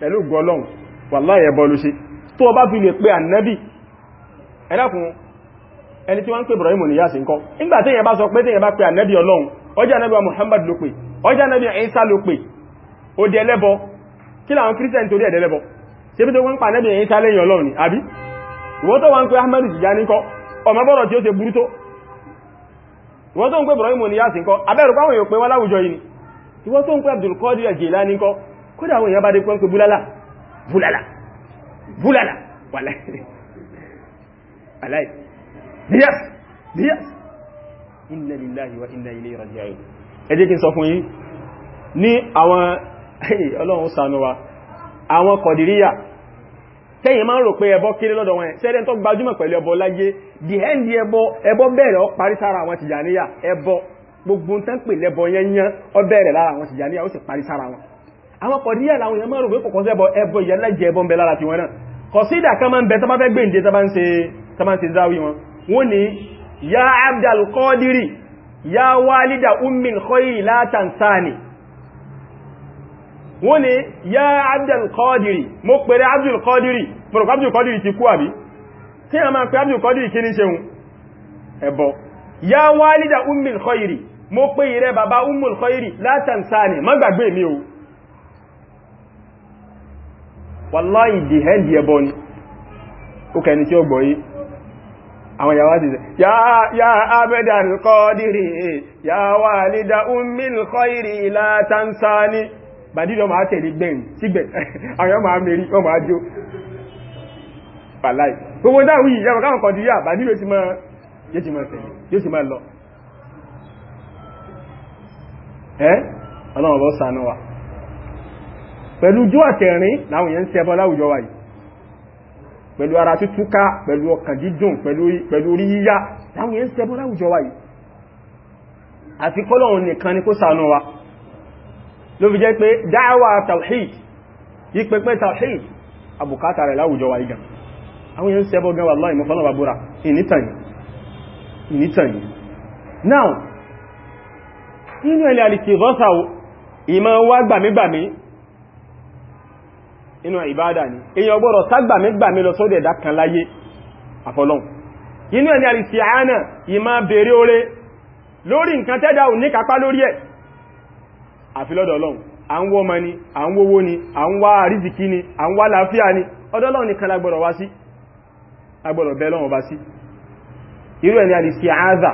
S1: pẹ̀lú gọlọ́n wallahi ẹbọlú sí tó bá fi lè pé ànábì ẹ̀dàkùn ẹni tí wọ́n ń pè Ibrahim ní yáṣì nǹkan nígbà tí èyàn bá sọ pé tí èyàn bá pè ànábì ọlọ́run ọjọ́ ànábì Muhammad ló pè ọjọ́ ànábì Isa ló pè ó di ìwọ́n tó ń pè Ibrahim Niyas ńkọ́ abẹ́rù pàwọn èèyàn pé wọ́n láwùjọ yìí ìwọ́n tó ń pè Abdul Qadir Jilani ńkọ́ kódà àwọn èèyàn bá dé pẹ́ ń pè búlálà búlálà búlálà wàláì Niyas inna lillahi wa inna ilayhi raji'un ẹ jẹ́ kí n sọ fún yín ní tẹ́yìn máa ń rò pé ẹbọ kéré lọ́dọ̀ wọn sẹ́rẹ́ tó gbajúmọ̀ pẹ̀lú ẹbọ láyé the end ẹbọ ẹbọ bẹ̀rẹ̀ ó parí sára àwọn tìjàníyà ẹbọ gbogbo tán pè lẹ́bọ yẹn yán ó bẹ̀rẹ̀ lára àwọn tìjàníyà ó sì parí sára wọn àwọn kọ̀díyà làwọn èèyàn máa rò pé kò kọ́sẹ́ ẹbọ ẹbọ ìyálẹ́jẹ ẹbọ ń bẹ lára tiwọn náà kọ̀sídà kan máa ń bẹ tó bá fẹ́ ya abdul qadiri ya walida ummin khoyi la tansani wọ́n ni yá abdulkadiri mo pèrè abdulkadiri mọ̀rọ̀kọ́ abdulkadiri ti kú àbí tí a máa pè abdulkadiri kí ní ṣeun ẹ̀bọ̀ yá wálídà ummul khairi mo pè ìrẹ bàbá ummul khairi látànsáni má gbàgbé mi o wàláì dì hẹ́ndì ẹbọ ni ó kẹni tí ó gbọ́ yìí bàdí lọ máa tẹ̀lé gbẹ̀yìn sígbẹ̀ àwọn máa mẹ́rí ọmọ máa pàláì gbogbo dáwù yìí káwọn kan yà ti máa yóò ti máa tẹ̀lé yóò ti máa lọ ẹ́ pẹ̀lú jó àtẹ̀rín láwọn ń láwùjọ yìí pẹ̀lú ara ló fi jẹ́ pé dáwà tawhid yí pé pé tawhid àbùkátà rẹ̀ láwùjọ wa igan àwọn yẹn sẹ́bọ̀ gan wallahi mọ́ fọ́nà bàbúrà ìnítàn yìí now nínú ẹ̀lẹ́ àlìkì rọ́sà ìmọ̀ wá gbàmígbàmí inú ìbádà ni èyàn gbọ́rọ̀ ságbàmígbàmí lọ sódẹ̀ ẹ̀dá kan láyé àfọlọ́hun inú ẹ̀lẹ́ àlìkì àánà ìmọ̀ bèèrè oré lórí nǹkan tẹ́dà ò ní kápá lórí ẹ̀ àfi lọ́dọ̀ ọlọ́run à ń wọ́ ọmọ ni à ń wówó ni à ń wá àrízìkí ni à ń wá làáfíà ni ọ̀dọ̀ ọlọ́run nìkan lágbọ́dọ̀ wá sí lágbọ́dọ̀ bẹ́ lọ́wọ́ bá sí irú ẹni àdìsí àázà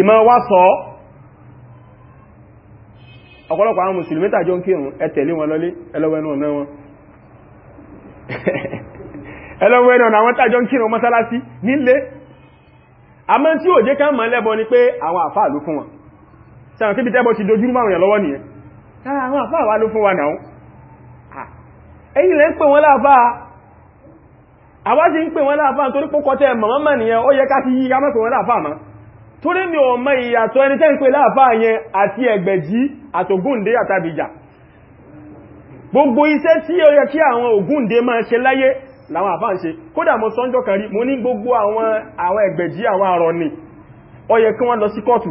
S1: ìmọ̀ wá sọ ọ̀pọ̀lọpọ̀ àwọn mùsùlùmí tàjọ ń kírun ẹ tẹ̀lé wọn lọlé ẹlọ́wẹ́nù ọ̀nà wọn ẹlọ́wẹ́nù ọ̀nà àwọn tàjọ wọn lára àwọn àfáà wá ló fún wa náà ẹ̀yin lẹ́ ń pè wọ́n láàfáà àwa sì ń pè wọ́n láàfáà torí pọ́kọ́ tẹ́ mọ̀mọ́mọ̀ nìyẹn ó yẹ ká ti yíra mọ́ pè wọ́n láàfáà mọ́ torí mi ò mọ ìyàtọ̀ ẹni tẹ́ ń pè láàfáà yẹn àti ẹgbẹ̀jí àtògúndé àtàbìjà gbogbo iṣẹ́ tí ó yẹ kí àwọn ògúndé máa ṣe láyé làwọn àfáà ń ṣe kódà mo sọ́njọ́ kan rí mo ní gbogbo àwọn ẹgbẹ̀jí àwọn àrọ̀ ni ó yẹ kí wọ́n lọ sí kọ́ọ̀tù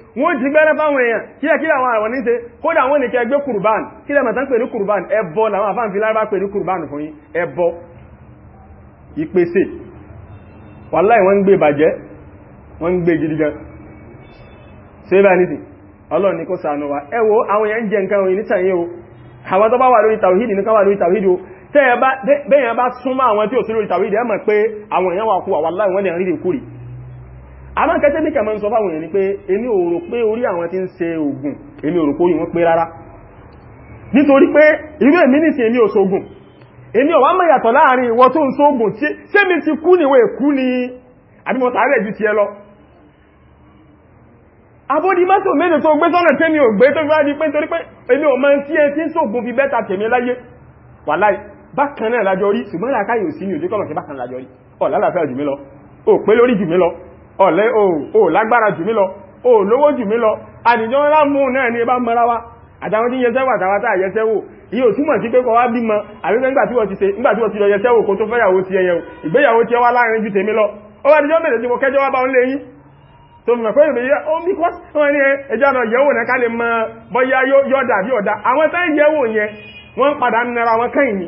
S1: wọ́n jí gbẹ́rẹ́ fáwọn èèyàn kílẹ̀kílẹ̀ àwọn àwọn níṣe kódà wọ́n ní kẹ gbé kùrùbán kílẹ̀ màtán pè ní kùrùbán ẹbọ làwọn àfáàfin lárúbá pè ní kùrùbán fún yín ẹbọ ìpèsè wàláì wọ́n ń gbé bàjẹ́ wọ́n ń gbé gidi wa ẹ wo àwọn èèyàn jẹ o àwọn tó bá wà lórí tàwíìdì nìkan wà lórí tàwíìdì o tẹ́yàn bá súnmọ́ àwọn tí ò sí lórí tàwíìdì àmọ́ kẹ́tẹ́ ní kẹ̀mọ́ ń sọ fáwọn èèyàn ni pé èmi ò rò pé orí àwọn tí ń ṣe ògùn èmi ò rò pé wọ́n pé rárá nítorí pé irú èmi nìsìn èmi ò ṣògùn èmi ò wá mọ̀ láàrin ìwọ tó ń ṣògùn tí ti kú níwọ̀ èkú ni àbí mo sàárẹ̀ ju ti ẹ lọ abódi mọ́tò mélòó tó gbé sọ́nà tẹ́mi ò gbé tó gbáàdí pé torí pé èmi ò máa ń tí ẹ tí ń ṣògùn fi bẹ́ta tèmi láyé wàláì bákan náà lájọ rí ṣùgbọ́n làkáyò sí ní òjò kọ́mọ̀ sí bákan lájọ rí ọ̀ lálàáfíà jù mí lọ ò pé lórí jù mí lọ ọ̀lẹ́ o lágbára jù mí lọ o lówó jù mí lọ àdìjọ́ ńlá mú náà ní ẹbá mọ́ra wa àtàwọn tí yẹsẹ́wò àtàwọn tá àyẹsẹ́wò yíò túmọ̀ sí pé kọ wá bímọ àríwẹ́ nígbàtí wọ́n ti ṣe nígbàtí wọ́n ti lọ yẹsẹ́wò kó tó fẹ́yàwó ti ẹyẹ ìgbéyàwó ti ẹwà láàrin ju tèmi lọ ó wá díjọ́ bẹ̀rẹ̀ tí mo kẹjọ́ wá bá ń lé yín tó mọ̀ pé ìròyìn ó ní kọ́ wọ́n ní ẹjọ́ ọ̀nà yẹ̀wò náà ká lè mọ bọ́yá yọ́dà bí ọ̀dà àwọn tẹ́ yẹ̀wò yẹn wọ́n padà ń nara wọn kẹ́yìn ni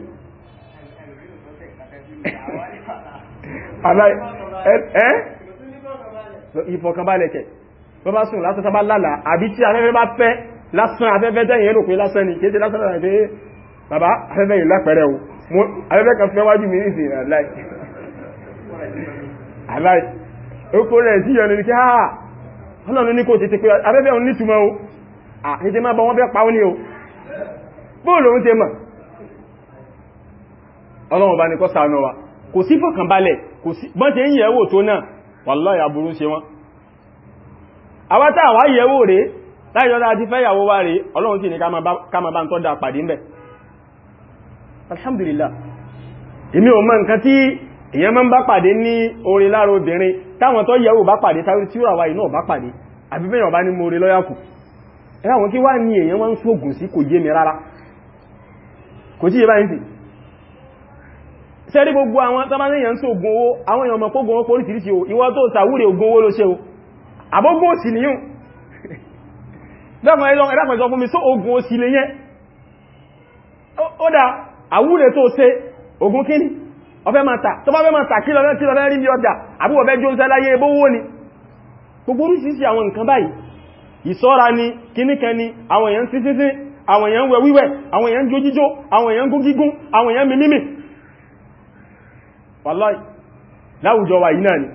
S1: ìfọ̀kànbalẹ̀ kẹ̀ bọ́ bá sùn lásán sábà lálà àbí tí afẹ́fẹ́ bá fẹ́ lásán afẹ́fẹ́ tẹ́yìn ẹ̀rọ pé lásán ni kéde lásán náà pé bàbá afẹ́fẹ́ yìí lápẹẹrẹ o afẹ́fẹ́ kan fẹ́ wájú mi nìsín aláì aláì oko rẹ̀ sí yọ̀nà ní kí ha ọlọ́run ní kò tètè pé afẹ́fẹ́ òun nítumọ̀ o àtètè má bọ́ wọ́n fẹ́ pa ó ní o bóòlù òun ti mọ̀ ọlọ́run bá ní kọ́ sànù wa kò sí fọ̀kànbalẹ̀ kò sí bọ́n ti ń yẹ̀wò tó náà wallahi aburú ṣe wọ́n àwátá àwá yẹ̀wò rẹ̀ láìjọ́dá àti fẹ́yàwó wá rẹ̀ ọlọ́run sì ní ká ma bá ń tọ́dá pàdé ń bẹ̀ alhamdulillah èmi ò mọ̀ nǹkan tí èyàn máa ń bá pàdé ní orin lára obìnrin táwọn tó yẹ̀wò bá pàdé táwọn tí ó rà wáyé náà bá pàdé tẹ́rí gbogbo àwọn tọ́bánìyàn sí ogun owó àwọn èèyàn mọ̀kó ogun owó oríṣiríṣi o ìwọ́n tó sàwúrẹ̀ ogun owó ló ṣe o àbógún òsì níyùn dákùnrin sọ fún mi só ogun òsì lè yẹn ó dá àwúrẹ̀ tó ṣe ogun kíní ọfẹ́ máa tà tọ́bá fẹ́ máa tà kí lọ́fẹ́ kí lọ́fẹ́ rí ní ọjà àbúwọ̀ fẹ́ jóúnṣẹ́ láyé ebówó ni gbogbo oríṣiríṣi àwọn nǹkan báyìí ìṣọ́ra ni wàláì láwùjọ wà yìí náà ni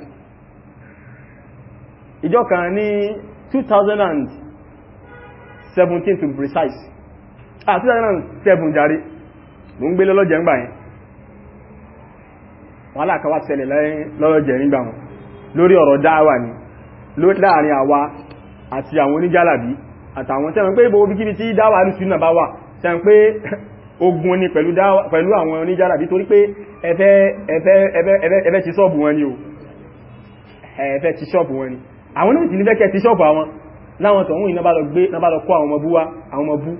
S1: ìjọ kan ní 2017 to be precise ah 2007 jàre mo ń gbé lọ́lọ́jẹ̀ ń gbà yẹn wọ́n aláàkọwà ṣẹlẹ̀ lọ́lọ́jẹ̀ nígbà wọn lórí ọ̀rọ̀ dáwà ni láàrin àwa àti àwọn oníjálàbí àtàwọn tẹ́wọ̀n pé gbogbo bí kíbi tí ogun ni pẹ̀lú àwọn oníjàlá bí torí pé ẹfẹ́ ti ṣọ́ọ̀bù wọn ni o ẹfẹ́ ti ṣọ́ọ̀bù wọn ni àwọn náà ti ní fẹ́kẹ́ ti ṣọ́ọ̀bù àwọn láwọn tọ̀hún iná bá lọ gbé náà bá lọ kó àwọn ọmọ bú wá àwọn ọmọ bú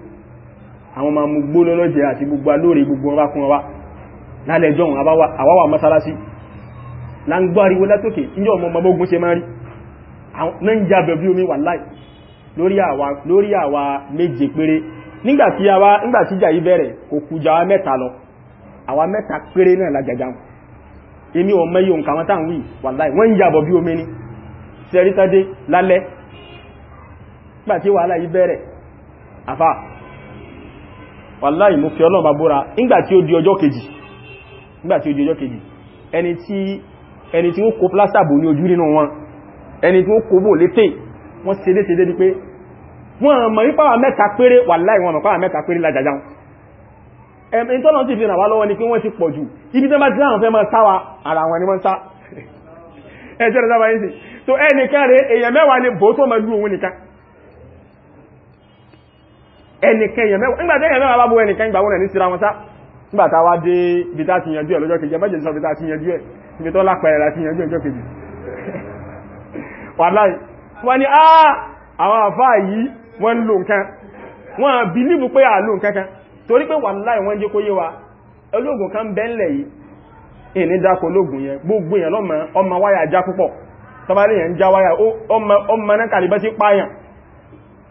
S1: àwọn ọmọ mú gbó lọ́lọ́jẹ́ àti gbogbo alóòrè gbogbo ọba kún ọba lálẹ́ ẹjọ́ àwáwà mọ́sálásí láńgbáriwo látòkè níjọ́ ọmọ ọmọ ogun ṣe máa lórí àwa méje péré nígbàtí àwa nígbàtí jà yí bẹ̀rẹ̀ kò kù jà mẹ́ta lọ àwa mẹ́ta péré náà lájàjá wọn èmi ò mẹ́yọ nǹkan wọn táwọn wí wàláì wọ́n ń yàbọ̀ bí omi ní sẹ́rítàdé lálẹ́ nígbàtí wàhálà bẹ̀rẹ̀ àfà fi búra nígbàtí ó di ọjọ́ kejì nígbàtí ó di ọjọ́ kejì ẹni tí wọ́n kó wọn ẹni tí wọ́n mọ̀ nípa àwọn mẹ́ta péré wà láì wọn mọ̀pá àwọn mẹ́ta péré lájàjá ẹ̀mìn tọ́nà ti fi ràn wá lọ́wọ́ ni pé wọ́n ti pọ̀ jù ibi tẹ́mà tí àwọn ni wọ́n sá ẹjọ́ rẹ̀ sáwà yìí sí so ẹnìkan rẹ̀ èyàn mẹ́wàá ni bòótọ́ mọ́ lú òun nìkan ẹnìkan èyàn mẹ́wàá nígbà tẹ́yàn mẹ́wàá ní síra la ti yanjú ẹjọ́ kejì wàláì ah àwọn àfáà yìí wọ́n ń lò nǹkan wọ́n bìlíbù pé àlò nǹkan kan torí pé wà láì wọ́n jẹ́ yé wa ológun kan bẹ́ńlẹ̀ yìí ìní dákò ológun yẹn gbogbo èèyàn lọ́mọ ọmọ wáyà já púpọ̀ tọ́bálẹ̀ èèyàn já nja ọmọ náà kàlíbẹ́ sí páyàn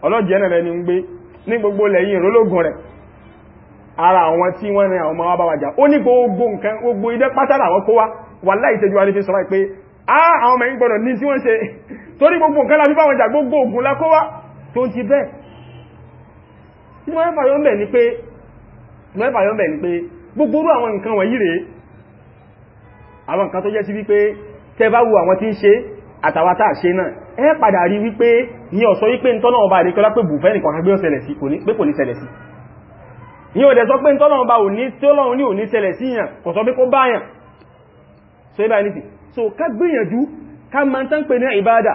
S1: ọlọ́jẹ́ ni n ní gbogbo lẹ́yìn rẹ̀ ara àwọn tí wọ́n rin àwọn ó ní gbogbo la tó ń ti bẹ́ẹ̀ tí wọ́n fàyọ́ mẹ́ ni pé gbogbo orú àwọn nǹkan wọ̀nyí rèé àwọn nǹkan tó jẹ́ sí wípé tẹ́ bá wo àwọn tí ń ṣe àtàwátà ṣe náà ẹ padà rí wípé ní ọ̀sọ́ wípé ntọ́nà ọba àríkọlá pé bùfẹ́ nìkan kan gbé ọ̀sẹ̀lẹ̀ sí pé kò ní ṣẹlẹ̀ sí ní ọ̀dẹ̀ sọ pé ntọ́nà ọba tọ́lọ́run ní òní ṣẹlẹ̀ sí yàn kò sọ pé kó báyàn so ibà nìsí so ká gbìyànjú ká máa tán pé ní ìbádà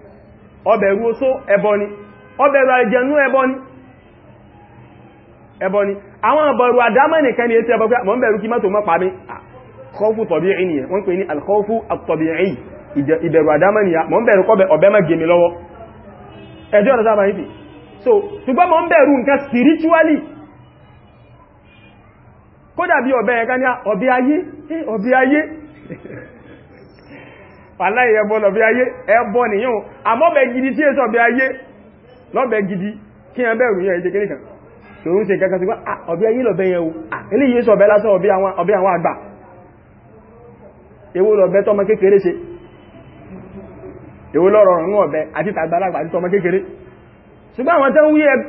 S1: ọbẹ̀rú oṣó ẹbọ ni ọbẹ̀rú àjẹnú ẹbọ ni ẹbọ ni àwọn ọbẹ̀rú àdámọ́ nìkan ni ètò ẹbọ pé mọ́ bẹ̀rú kí mọ́tò mọ́ pàmí kọ́fù tọ̀bíì ni wọ́n pè ní alkọ́fù àtọ̀bíì ìbẹ̀rù àdámọ́ ni mọ́ bẹ̀rú kọ́bẹ̀ ọbẹ̀ má gèmi lọ́wọ́ ẹjọ́ ọ̀rọ̀ sábà yìí so ṣùgbọ́n mọ́ bẹ̀rú nǹkan spiritually kódà bí ọbẹ̀ ẹ̀ká ní ah, ọbẹ̀ ayé eh, ọbẹ̀ ayé aláì ẹbọ lọ bí ayé ẹbọ nìyàn àmọ́bẹ̀ gidi tí èsọ̀ bí ayé lọ́bẹ̀ gidi kí ẹ bẹ̀rù yẹn ìṣẹ́kiri kan tó ń ṣe kankan sí pé ah, ọbẹ̀ ayé lọ́bẹ̀ yẹn o ilé ah, yìí sọ̀bẹ̀ lásán ọbẹ̀ àwọn àgbà èwo lọ́bẹ̀ tọmọ kékeré ṣe èwo lọ́rọ̀ ọ̀rùn ọbẹ̀ àti tàgbàlagbà àti tọmọ kékeré ṣùgbọ́n àwọn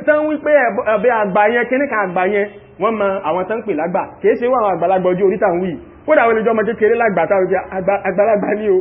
S1: tán wí pé ọbẹ̀ àgbà yẹn kíníkà àgbà yẹn wọ́n mọ àwọn tán pè lágbà kìí ṣe wọ́n àwọn àgbàlagbà ojú oríta ń wí kódà wọ́n lè jọ ọmọ kékeré lágbà táwọn àgbàlagbà ní o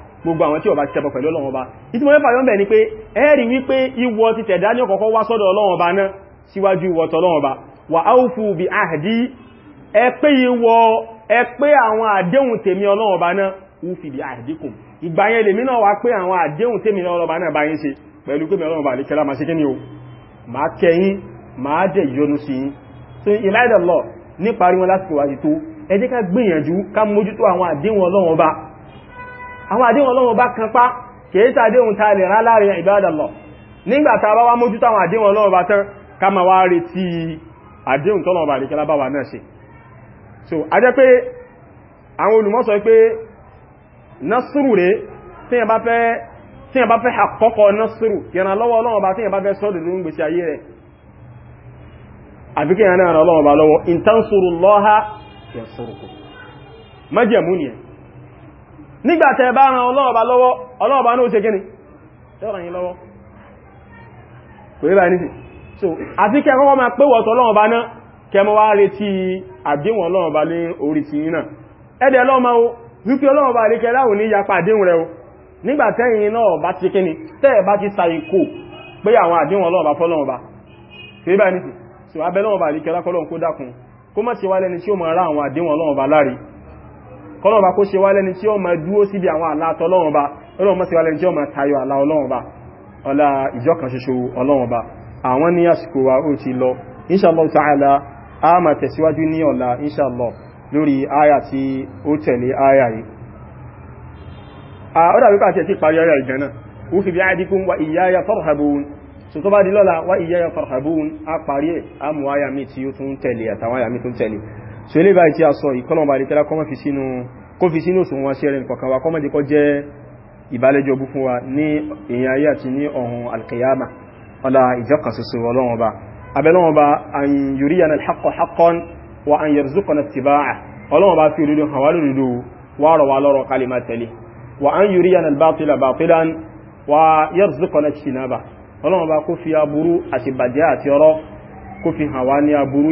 S1: gbogbo àwọn tí ó bá ti ṣẹbọ pẹ̀lú Ọlọ́run Ọba ìtí mo mẹ́fà yọ́ bẹ̀ ni pé ẹ̀rí wípé ìwọ ti tẹ̀dá ní ọkọ̀kọ́ wá sọ́dọ̀ Ọlọ́run Ọba náà síwájú ìwọ tọ́lọ́run Ọba wà áwùfù bí àhàdí ẹ pé ìwọ ẹ pé àwọn àdéhùn tèmi Ọlọ́run Ọba náà wúfì bí àhàdíkùn ìgbà yẹn lèmi náà wá pé àwọn àdéhùn tèmi Ọlọ́run Ọba náà bá yín ṣe pẹ̀lú pé mi Ọlọ́run Ọba lè kẹ́lá ni o máa kẹyìn máa dẹ̀ yọnu sí yín so ìláìdọ̀lọ́ níparí wọn lásìkò àti tó ẹ àwọn àdéhùn ọlọ́run bá kan pá kìí ta lè rán láàrin ìbádàlọ̀ nígbàtà bá wá mójútó àwọn àdéhùn ọlọ́run bá tán ká ma wá retí àdéhùn tọ́lọ̀ bá nìkẹ́lá bá so a jẹ́ pé àwọn olùmọ́sọ pé nasuru rẹ̀ tí yẹn bá fẹ́ àkọ́kọ́ nígbàtẹ̀ bá ran ọlọ́ọ̀bá lọ́wọ́ ọlọ́ọ̀bá ní ó ṣe gíní ṣọ́rọ̀ yìí lọ́wọ́ kò rí so àti kẹkọ́kọ́ ma pé wọ́tọ̀ ọlọ́ọ̀bá náà kẹmọ wá retí àdéhùn ọlọ́ọ̀bá ní orí ti ní o nígbàtẹ́ yìí náà bá ti kíní tẹ́ bá ti sa ikó pé àwọn àdéhùn ọlọ́ọ̀bá fọ́lọ́ọ̀bá kò rí bá so abẹ́lọ́ọ̀bá rí kẹlákọ́lọ́ kó dákun kó mọ́ sí wálẹ́ni tí ó mọ̀ ra kọ́lọ̀ọ̀bá kó ṣe wá lẹ́ni tí ó máa dúó síbi àwọn àlàtọ̀ ọlọ́run ba ọlọ́run mọ́ sí wá lẹ́ni tí ó máa tayọ àlà ọlọ́run ba ọlá ìjọkan ṣoṣo ọlọ́run ba àwọn ní àsìkò wa ó ti lọ inshallah ta'ala a máa tẹ̀síwájú ní ọ̀la inshallah lórí aya tí ó tẹ̀lé aya yìí ó dàbí pàtẹ́ sí parí aya ìgbẹ̀nà ó fi bí áyàdíkún wa ìyáyà farhabun so tó bá di lọ́la wa ìyáyà farhabun a parí ẹ̀ mi tí ó tún tẹ̀lé àtàwọn mi tún tẹ̀lé so ilé báyìí tí a sọ ìkọ́nà bá nìkẹ́lá kọ́mọ̀ fi sínú kó fi sínú òsùn wọn ṣẹ́rẹ̀ nìkọ̀kan wa kọ́mọ̀ jẹ́ kọ́ jẹ́ ìbálẹ́jọ bú fún wa ní èyàn ayé àti ní ọ̀hun alkiyama ọlá ìjọkan soso ọlọ́wọ́n ba abẹ́lọ́wọ́n ba an yuriyana alhaqqo haqqan wa an yarzuqana ittiba'a ọlọ́wọ́n ba fi òdodo hàn wá lódodo wá rọ̀ wá lọ́rọ̀ kalima wa an yuriyana albatila batilan wa yarzuqana ijtinaba ọlọ́wọ́n ba kó fi aburú àti ìbàjẹ́ àti ọ̀rọ̀ kó fi hàn wá ní aburú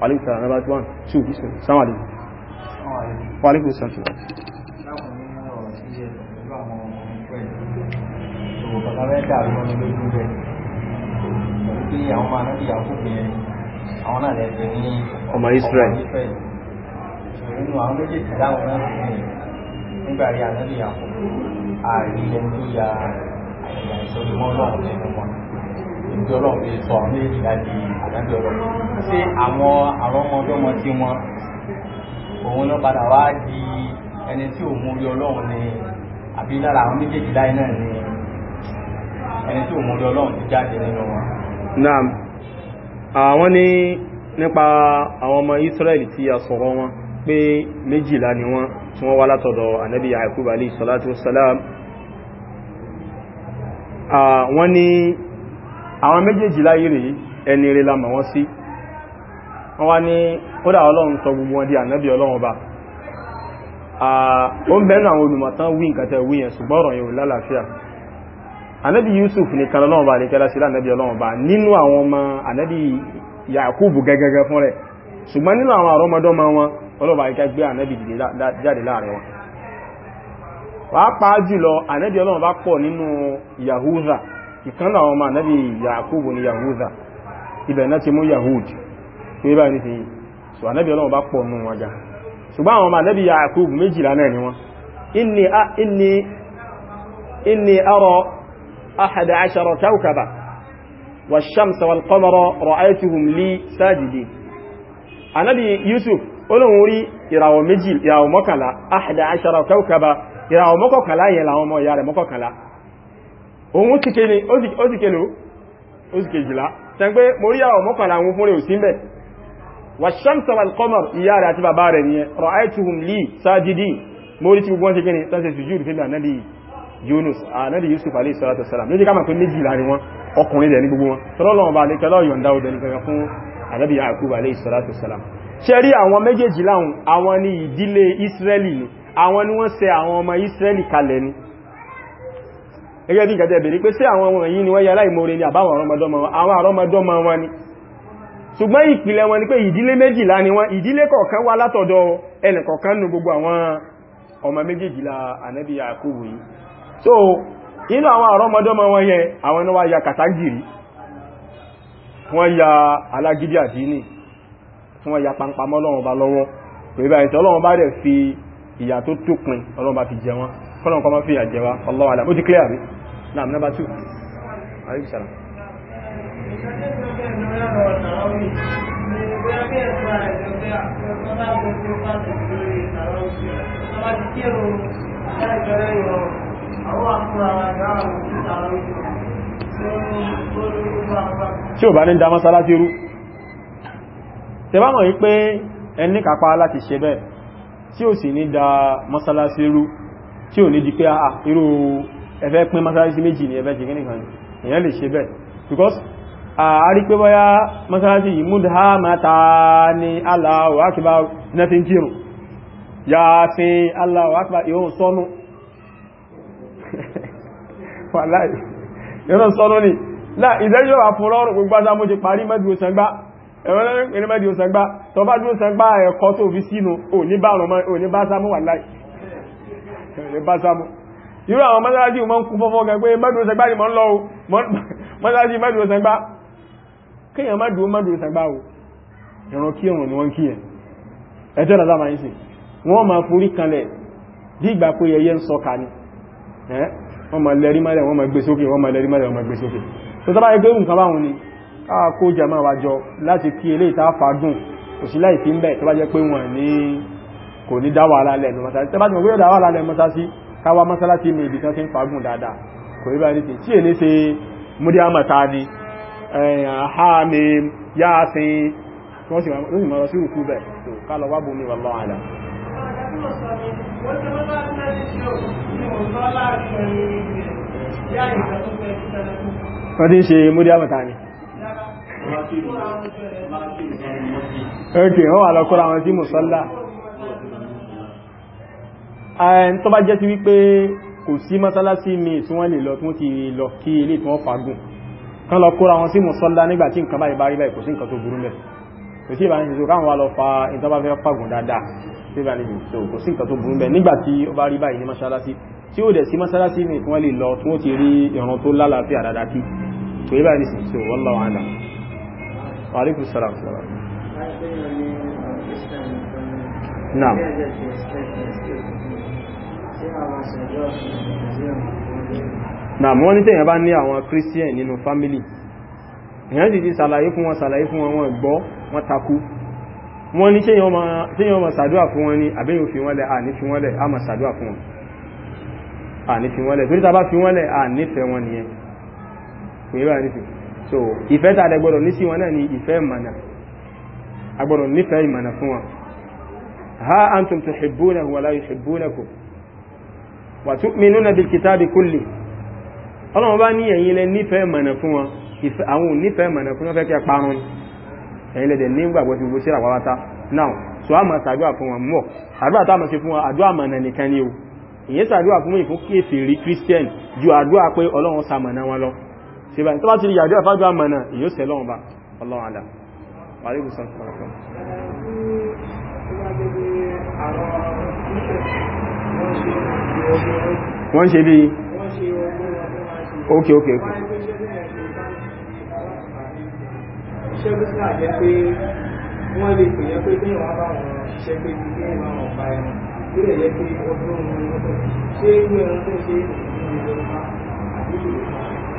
S1: Wàlíkùn sàrán nàbà tí wọ́n tí ò fi sọ. Sáwọn àdìsí. Wàlíkùn sàrán. Ọmọ Israel. Nínú àwọn méjèèjì láwọn náà fi ní nígbàrí ànábì àpò ààrí ẹni tó ya àìyàn ìṣòro mọ́ lọ́wọ́ lẹ́nu wọn. Ìjọ lọ́wọ́ fi sọ àwọn méjèèjì láti kan jọrọ ṣé àwọn àwọn ọmọdọ́mọ tí wọn òun náà padà wá di ẹni tí òun orí ọlọ́run ni àbí lára àwọn méjèèjì láì náà ni ẹni tí òun orí ọlọ́run ti jáde nínú wọn. naam àwọn ní nípa àwọn ọmọ Ísírẹ́lì tí a sọ̀rọ̀ wọn pé méjìlá ni wọ́n tí wọ́n wá látọ̀dọ̀ ànábì Yákúbù alayhi salatu wassalam wọ́n ní àwọn méjèèjì láyé rèé ẹni rẹ̀ lámà wọ́n sí wọ́n wá ní kódà ọlọ́run sọ gbogbo wọn di ànábì ọlọ́run ọba ó ń bẹ́nu àwọn olùmọ̀tán wí nǹkan wí yẹn ṣùgbọ́n ọ̀rọ̀ lálàáfíà ànábì Yusuf nìkan ọlọ́run ọba lè kẹ́lá sí ànábì ọlọ́run ọba nínú àwọn ọmọ ànábì Yakubu gẹ́gẹ́gẹ́ fún rẹ̀ ṣùgbọ́n nínú àwọn àrọ́mọdọ́mọ wọn ọlọ́run ọba lè kẹ́ gbé ànábì jáde láàrin wọn pàápàá jùlọ ànábì ọlọ́run ọba pọ̀ nínú Yahuza ìkan náà ọmọ ànábì Yakubu ni Yahuza ibẹ̀ náà ti mú yahud pé bá ní fìyí so anẹ́bí ọlọ́run bá pọ̀ nù wọn ga ṣùgbọ́n àwọn ọmọ anẹ́bí yaakub méjìlá náà ni wọ́n inni arọ ahada ashara kawkaba wa shamsa wal qamara ra'aytuhum li anẹ́bí yusuf olóhun rí ìràwọ̀ méjì tẹ́gbé morí àwọn mọ́kànlá àwọn fúnrẹ̀ òsí mẹ́ wàṣámsà wàlkọ́mọ̀ ìyá rẹ̀ àti bàbá rẹ̀ nìyẹn ra'aytuhum li sajidi morí tí gbọ́n ṣe kí ni tán ṣe sùjúrù fún ànábì Yunus ànábì Yusuf alayhi salatu wassalam ló jẹ́ ká mọ̀ pé méjì láàrin wọn ọkùnrin dẹ̀ ní gbogbo wọn tọ́lọ́wọ́n bá lè kẹ́lọ́ yọ̀ǹda ọdẹ Israeli ni àwọn ni wọ́n Israeli kalẹ̀ gẹ́gẹ́ bí ìgbàtẹ̀ bèèrè pé sí àwọn ọmọ yìí ni wọ́n yẹ aláìmoore ni àbáwọn àrọmọdọ́mọ àwọn àrọmọdọ́mọ wọn ni ṣùgbọ́n ìpìlẹ̀ wọn ni pé ìdílé méjìlá ni wọ́n ìdílé kọ̀ọ̀kan wá látọ̀dọ̀ ẹnìkọ̀ọ̀kan nù gbogbo àwọn ọmọ méjèèjìlá so inú àwọn àrọmọdọ́mọ wọn yẹn àwọn náà wá ya kàtàgìrì ya alágídí àdínì tí wọ́n ya pampamọ́ lọ́wọ́ bá lọ́wọ́ pẹ̀lú àìsàn ọlọ́wọ́ bá ìyà tó tópin ọlọ́wọ́ bá fi jẹ wọ́n kọ́lọ̀ kọ́ máa fi àjẹwà Allahu a'lam ó ti clear bí náà number two alaikisalam tí ò bá ní dá mọ́sálásí rú tẹbámọ̀ yí pé ẹni kàpá láti ṣe bẹ́ẹ̀ tí ò sì ní dá mọ́sálásí rú tí ò ní di pé àà ah, ah, irú ẹfẹ́ pín mọ́sálásí méjì ní ẹfẹ́ ṣìgínì kan èyàn lè ṣe bẹ́ẹ̀ because a rí pé bọ́yá mọ́sálásí yìí mudhamata ni Allahu akbar nẹ́fin kírùn ya fi Allahu akbar ìhun sọ́nù ìhun sọ́nù ni láà ìdẹ́jọ́ àfúnrọ́rùn gbogbo azámọ́ ti parí mẹ́dùn sẹ́gbá ẹ̀wọ́n lẹ́rìn pẹ̀lú mẹ́dùn sẹ́gbá tọba dúró sẹ́gbá ẹ̀kọ́ tó fi sínú ò ní bá sámọ́ wà láì rẹ̀ bá sámú irú àwọn mọ́sálásí mọ́ ń kú fọ́fọ́ gan pé mọ́dúrósẹ̀gbá ni mọ́ ń lọ o mọ́sálásí mọ́dúrósẹ̀gbá kéèyàn má dúró mọ́dúrósẹ̀gbá o ìran kí ẹ̀wọ̀n ni wọ́n kí ẹ̀ ẹjọ́ ìrọ̀lá máa ń ṣe wọ́n máa forí kanlẹ̀ bí ìgbà pé ẹyẹ ń sọka ni wọ́n máa lẹ́rí mọ́lẹ̀ wọ́n máa gbé sókè wọ́n máa lẹ́rí mọ́lẹ̀ wọ́n máa gbé sókè tó tọ́bá ẹgbẹ́ nǹkan báwọn ni káàkó jẹ máa wájọ láti kí eléyìí tá fagùn òsíláì fi ń bẹ̀ tó bá jẹ́ pé wọ́n ní kò ní dá wàhálà lẹ́nu mọ́sálásí tẹ́bá ti mọ̀ pé yóò dá wàhálà lẹ́nu mọ́sálásí káwá mọ́sálásí ní ibi kan ti ń fagùn dáadáa kò rí báyìí tí èní ṣe múdíámà ta ni àhámi yáàsìn wọ́n sì máa lọ sí òkú bẹ̀ tó ká lọ wá bomi wà ṣe múdíámà ni ok wọ́n wà lọ kọ́ra wọn sí mùsọ́lá tó bá jẹ́ sí wípé kò sí mọ́sálásí mi tí wọ́n lè lọ tí wọ́n ti lọ kí ilé tí wọ́n fagùn kán lọ kóra wọn sí mùsọ́lá nígbà tí nǹkan báyìí bá rí báyìí kò sí nǹkan tó burú mẹ́ kò sí ìbáni ṣiṣẹ́ káwọn wá lọ fa ìtọ́bá fẹ́ fagùn dáadáa tí ìbáni ṣiṣẹ́ kò sí nǹkan tó burú mẹ́ nígbà tí ó ní mọ́sálásí tí ó dẹ̀ sí mọ́sálásí mi tí wọ́n
S2: lè ti
S1: na wọ́n ní tẹ́yàn bá ní àwọn christian nínú family èyàn ti ti sàlàyé fún wọn sàlàyé fún wọn wọn gbọ́ wọn takú wọ́n ní tẹ́yàn ma sàdúwà fún wọn ní àbẹ́yìn òfin wọ́n lẹ̀ à ní fi wọ́n lẹ̀ a ma sàdúwà fún wọn à ní fi wọ́n lẹ̀ torí tàbá fi wọ́n lẹ̀ à nífẹ́ wọn nìyẹn kò yíwá nífẹ́ so ìfẹ́ tà dẹ gbọ́dọ̀ ní sí wọn náà ni ìfẹ́ ìmànà agbọ́dọ̀ nífẹ́ ìmànà fún wọn ha antum tuhibbunahu wa la yuhibbunakum wa tu'minuna bil kitabi kulli ọlọ́run bá ní ẹ̀yin lẹ nífẹ̀ẹ́ mọ̀nà fún wọn àwọn onífẹ̀ẹ́ mọ̀nà fún wọn fẹ́ kí ẹ parun ni ẹ̀yin lẹ́dẹ̀ ní gbàgbọ́ sí gbogbo síra wáwátá náà so a máa ṣàdúrà fún wọn mọ̀ àdúrà tá a máa ṣe fún wọn àdúrà mọ̀nà nìkan ni o ìyẹn ṣàdúrà fún ìfún kèfèrí christian wọ́n ṣe bí ok ok ok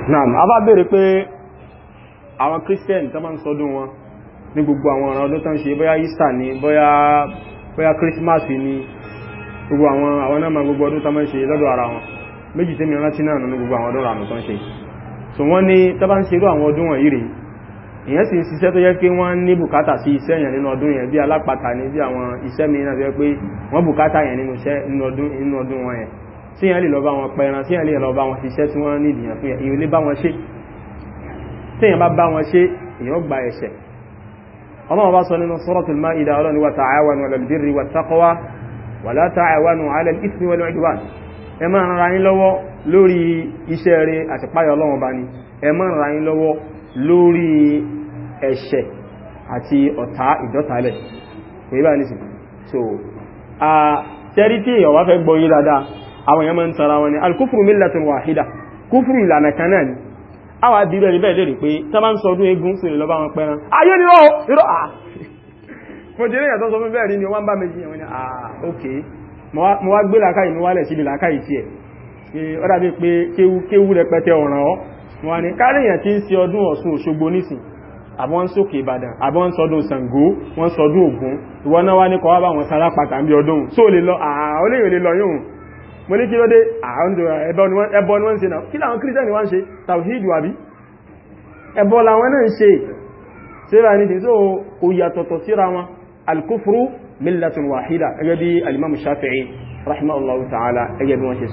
S1: naam a bá bèèrè pé àwọn christian tó máa ń sọdún wọn ní gbogbo àwọn ọ̀rọ̀ ọdún tó ń ṣe bóyá easter ni bóyá christmas ni gbogbo àwọn àwọn náà ma gbogbo ọdún tó ṣe lọ́dọ̀ ara wọn méjì tẹ́mi rántí náà nínú gbogbo àwọn ọdún rànù tó ṣe so wọ́n ní tọ́bá ń ṣerú àwọn ọdún wọ̀nyí rèé èyàn sì ń ṣiṣẹ́ tó yẹ pé wọ́n ní bùkátà sí iṣẹ́ èyàn nínú ọdún yẹn bí alápatà ní bí àwọn iṣẹ́ mìíràn tó yẹ pé wọ́n bùkátà yẹn nínú iṣẹ́ nínú ọdún wọn yẹn tí yẹn lè lọ bá wọn pẹran tí yẹn lè lọ bá wọn ṣiṣẹ́ tí wọ́n ní ìdìyàn fún yẹn èyàn bá wọn ṣe tí yẹn bá bá wọn ṣe èyàn gba ẹ̀ṣẹ̀ ọlọ́run bá sọ nínú suratul Maida ọlọ́run wa ta'awanu 'alal birri wat taqwa wala ta'awanu 'ala al-ithmi wal-'udwan ẹ máa ń ra yín lọ́wọ́ lórí iṣẹ́ rere àti páyọ̀ Ọlọ́run bá ní ẹ máa ń ra yín lọ́wọ́ lórí ẹ̀ṣẹ̀ àti ọ̀tá ìdọ́talẹ̀ kò yí bá ní sí so a tẹ́rí tí èyàn wá fẹ́ gbọ́ yí dáadáa àwọn èèyàn máa ń tara lè rí pé tọ́ bá ń sọdún eégún sí lọ́bá wọn pẹ́ran ayé ni ó mo jẹ́ èèyàn tó sọ fún bẹ́ẹ̀ rí ni wọ́n bá méjì yẹn ni ah ok mo wá gbé làákàyè mi wálẹ̀ síbi làákàyè tiẹ̀ ó dàbí pé kéwú rẹpẹtẹ ọ̀ràn ọ́ mo wá ní káríyàn tí ń ṣe ọdún Ọ̀ṣun Òṣogbo nísìn àbọ́n ń sókè Ìbàdàn àbọ́n ń sọdún Ṣàngó wọ́n sọdún Ògún ìwọ náà wá ní kọ́ wá bá wọn sára pàtà bí ọdún tó lè lọ àà ó lè yìn lè lọ yóò mo ni wọ́n ń ṣe náà ń ṣe ṣe síra ní tí yàtọ̀tọ̀ síra wọn الكفر ملة واحدة أجدي الإمام الشافعي رحمه الله تعالى أجد ما شيء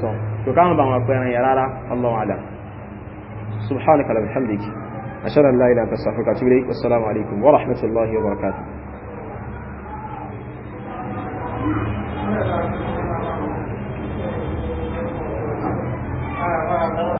S1: وكان بعض أقوانا يرارا الله أعلم سبحانك اللهم وبحمدك أشهد أن لا إله إلا الله أستغفرك وأتوب إليك والسلام عليكم ورحمة الله وبركاته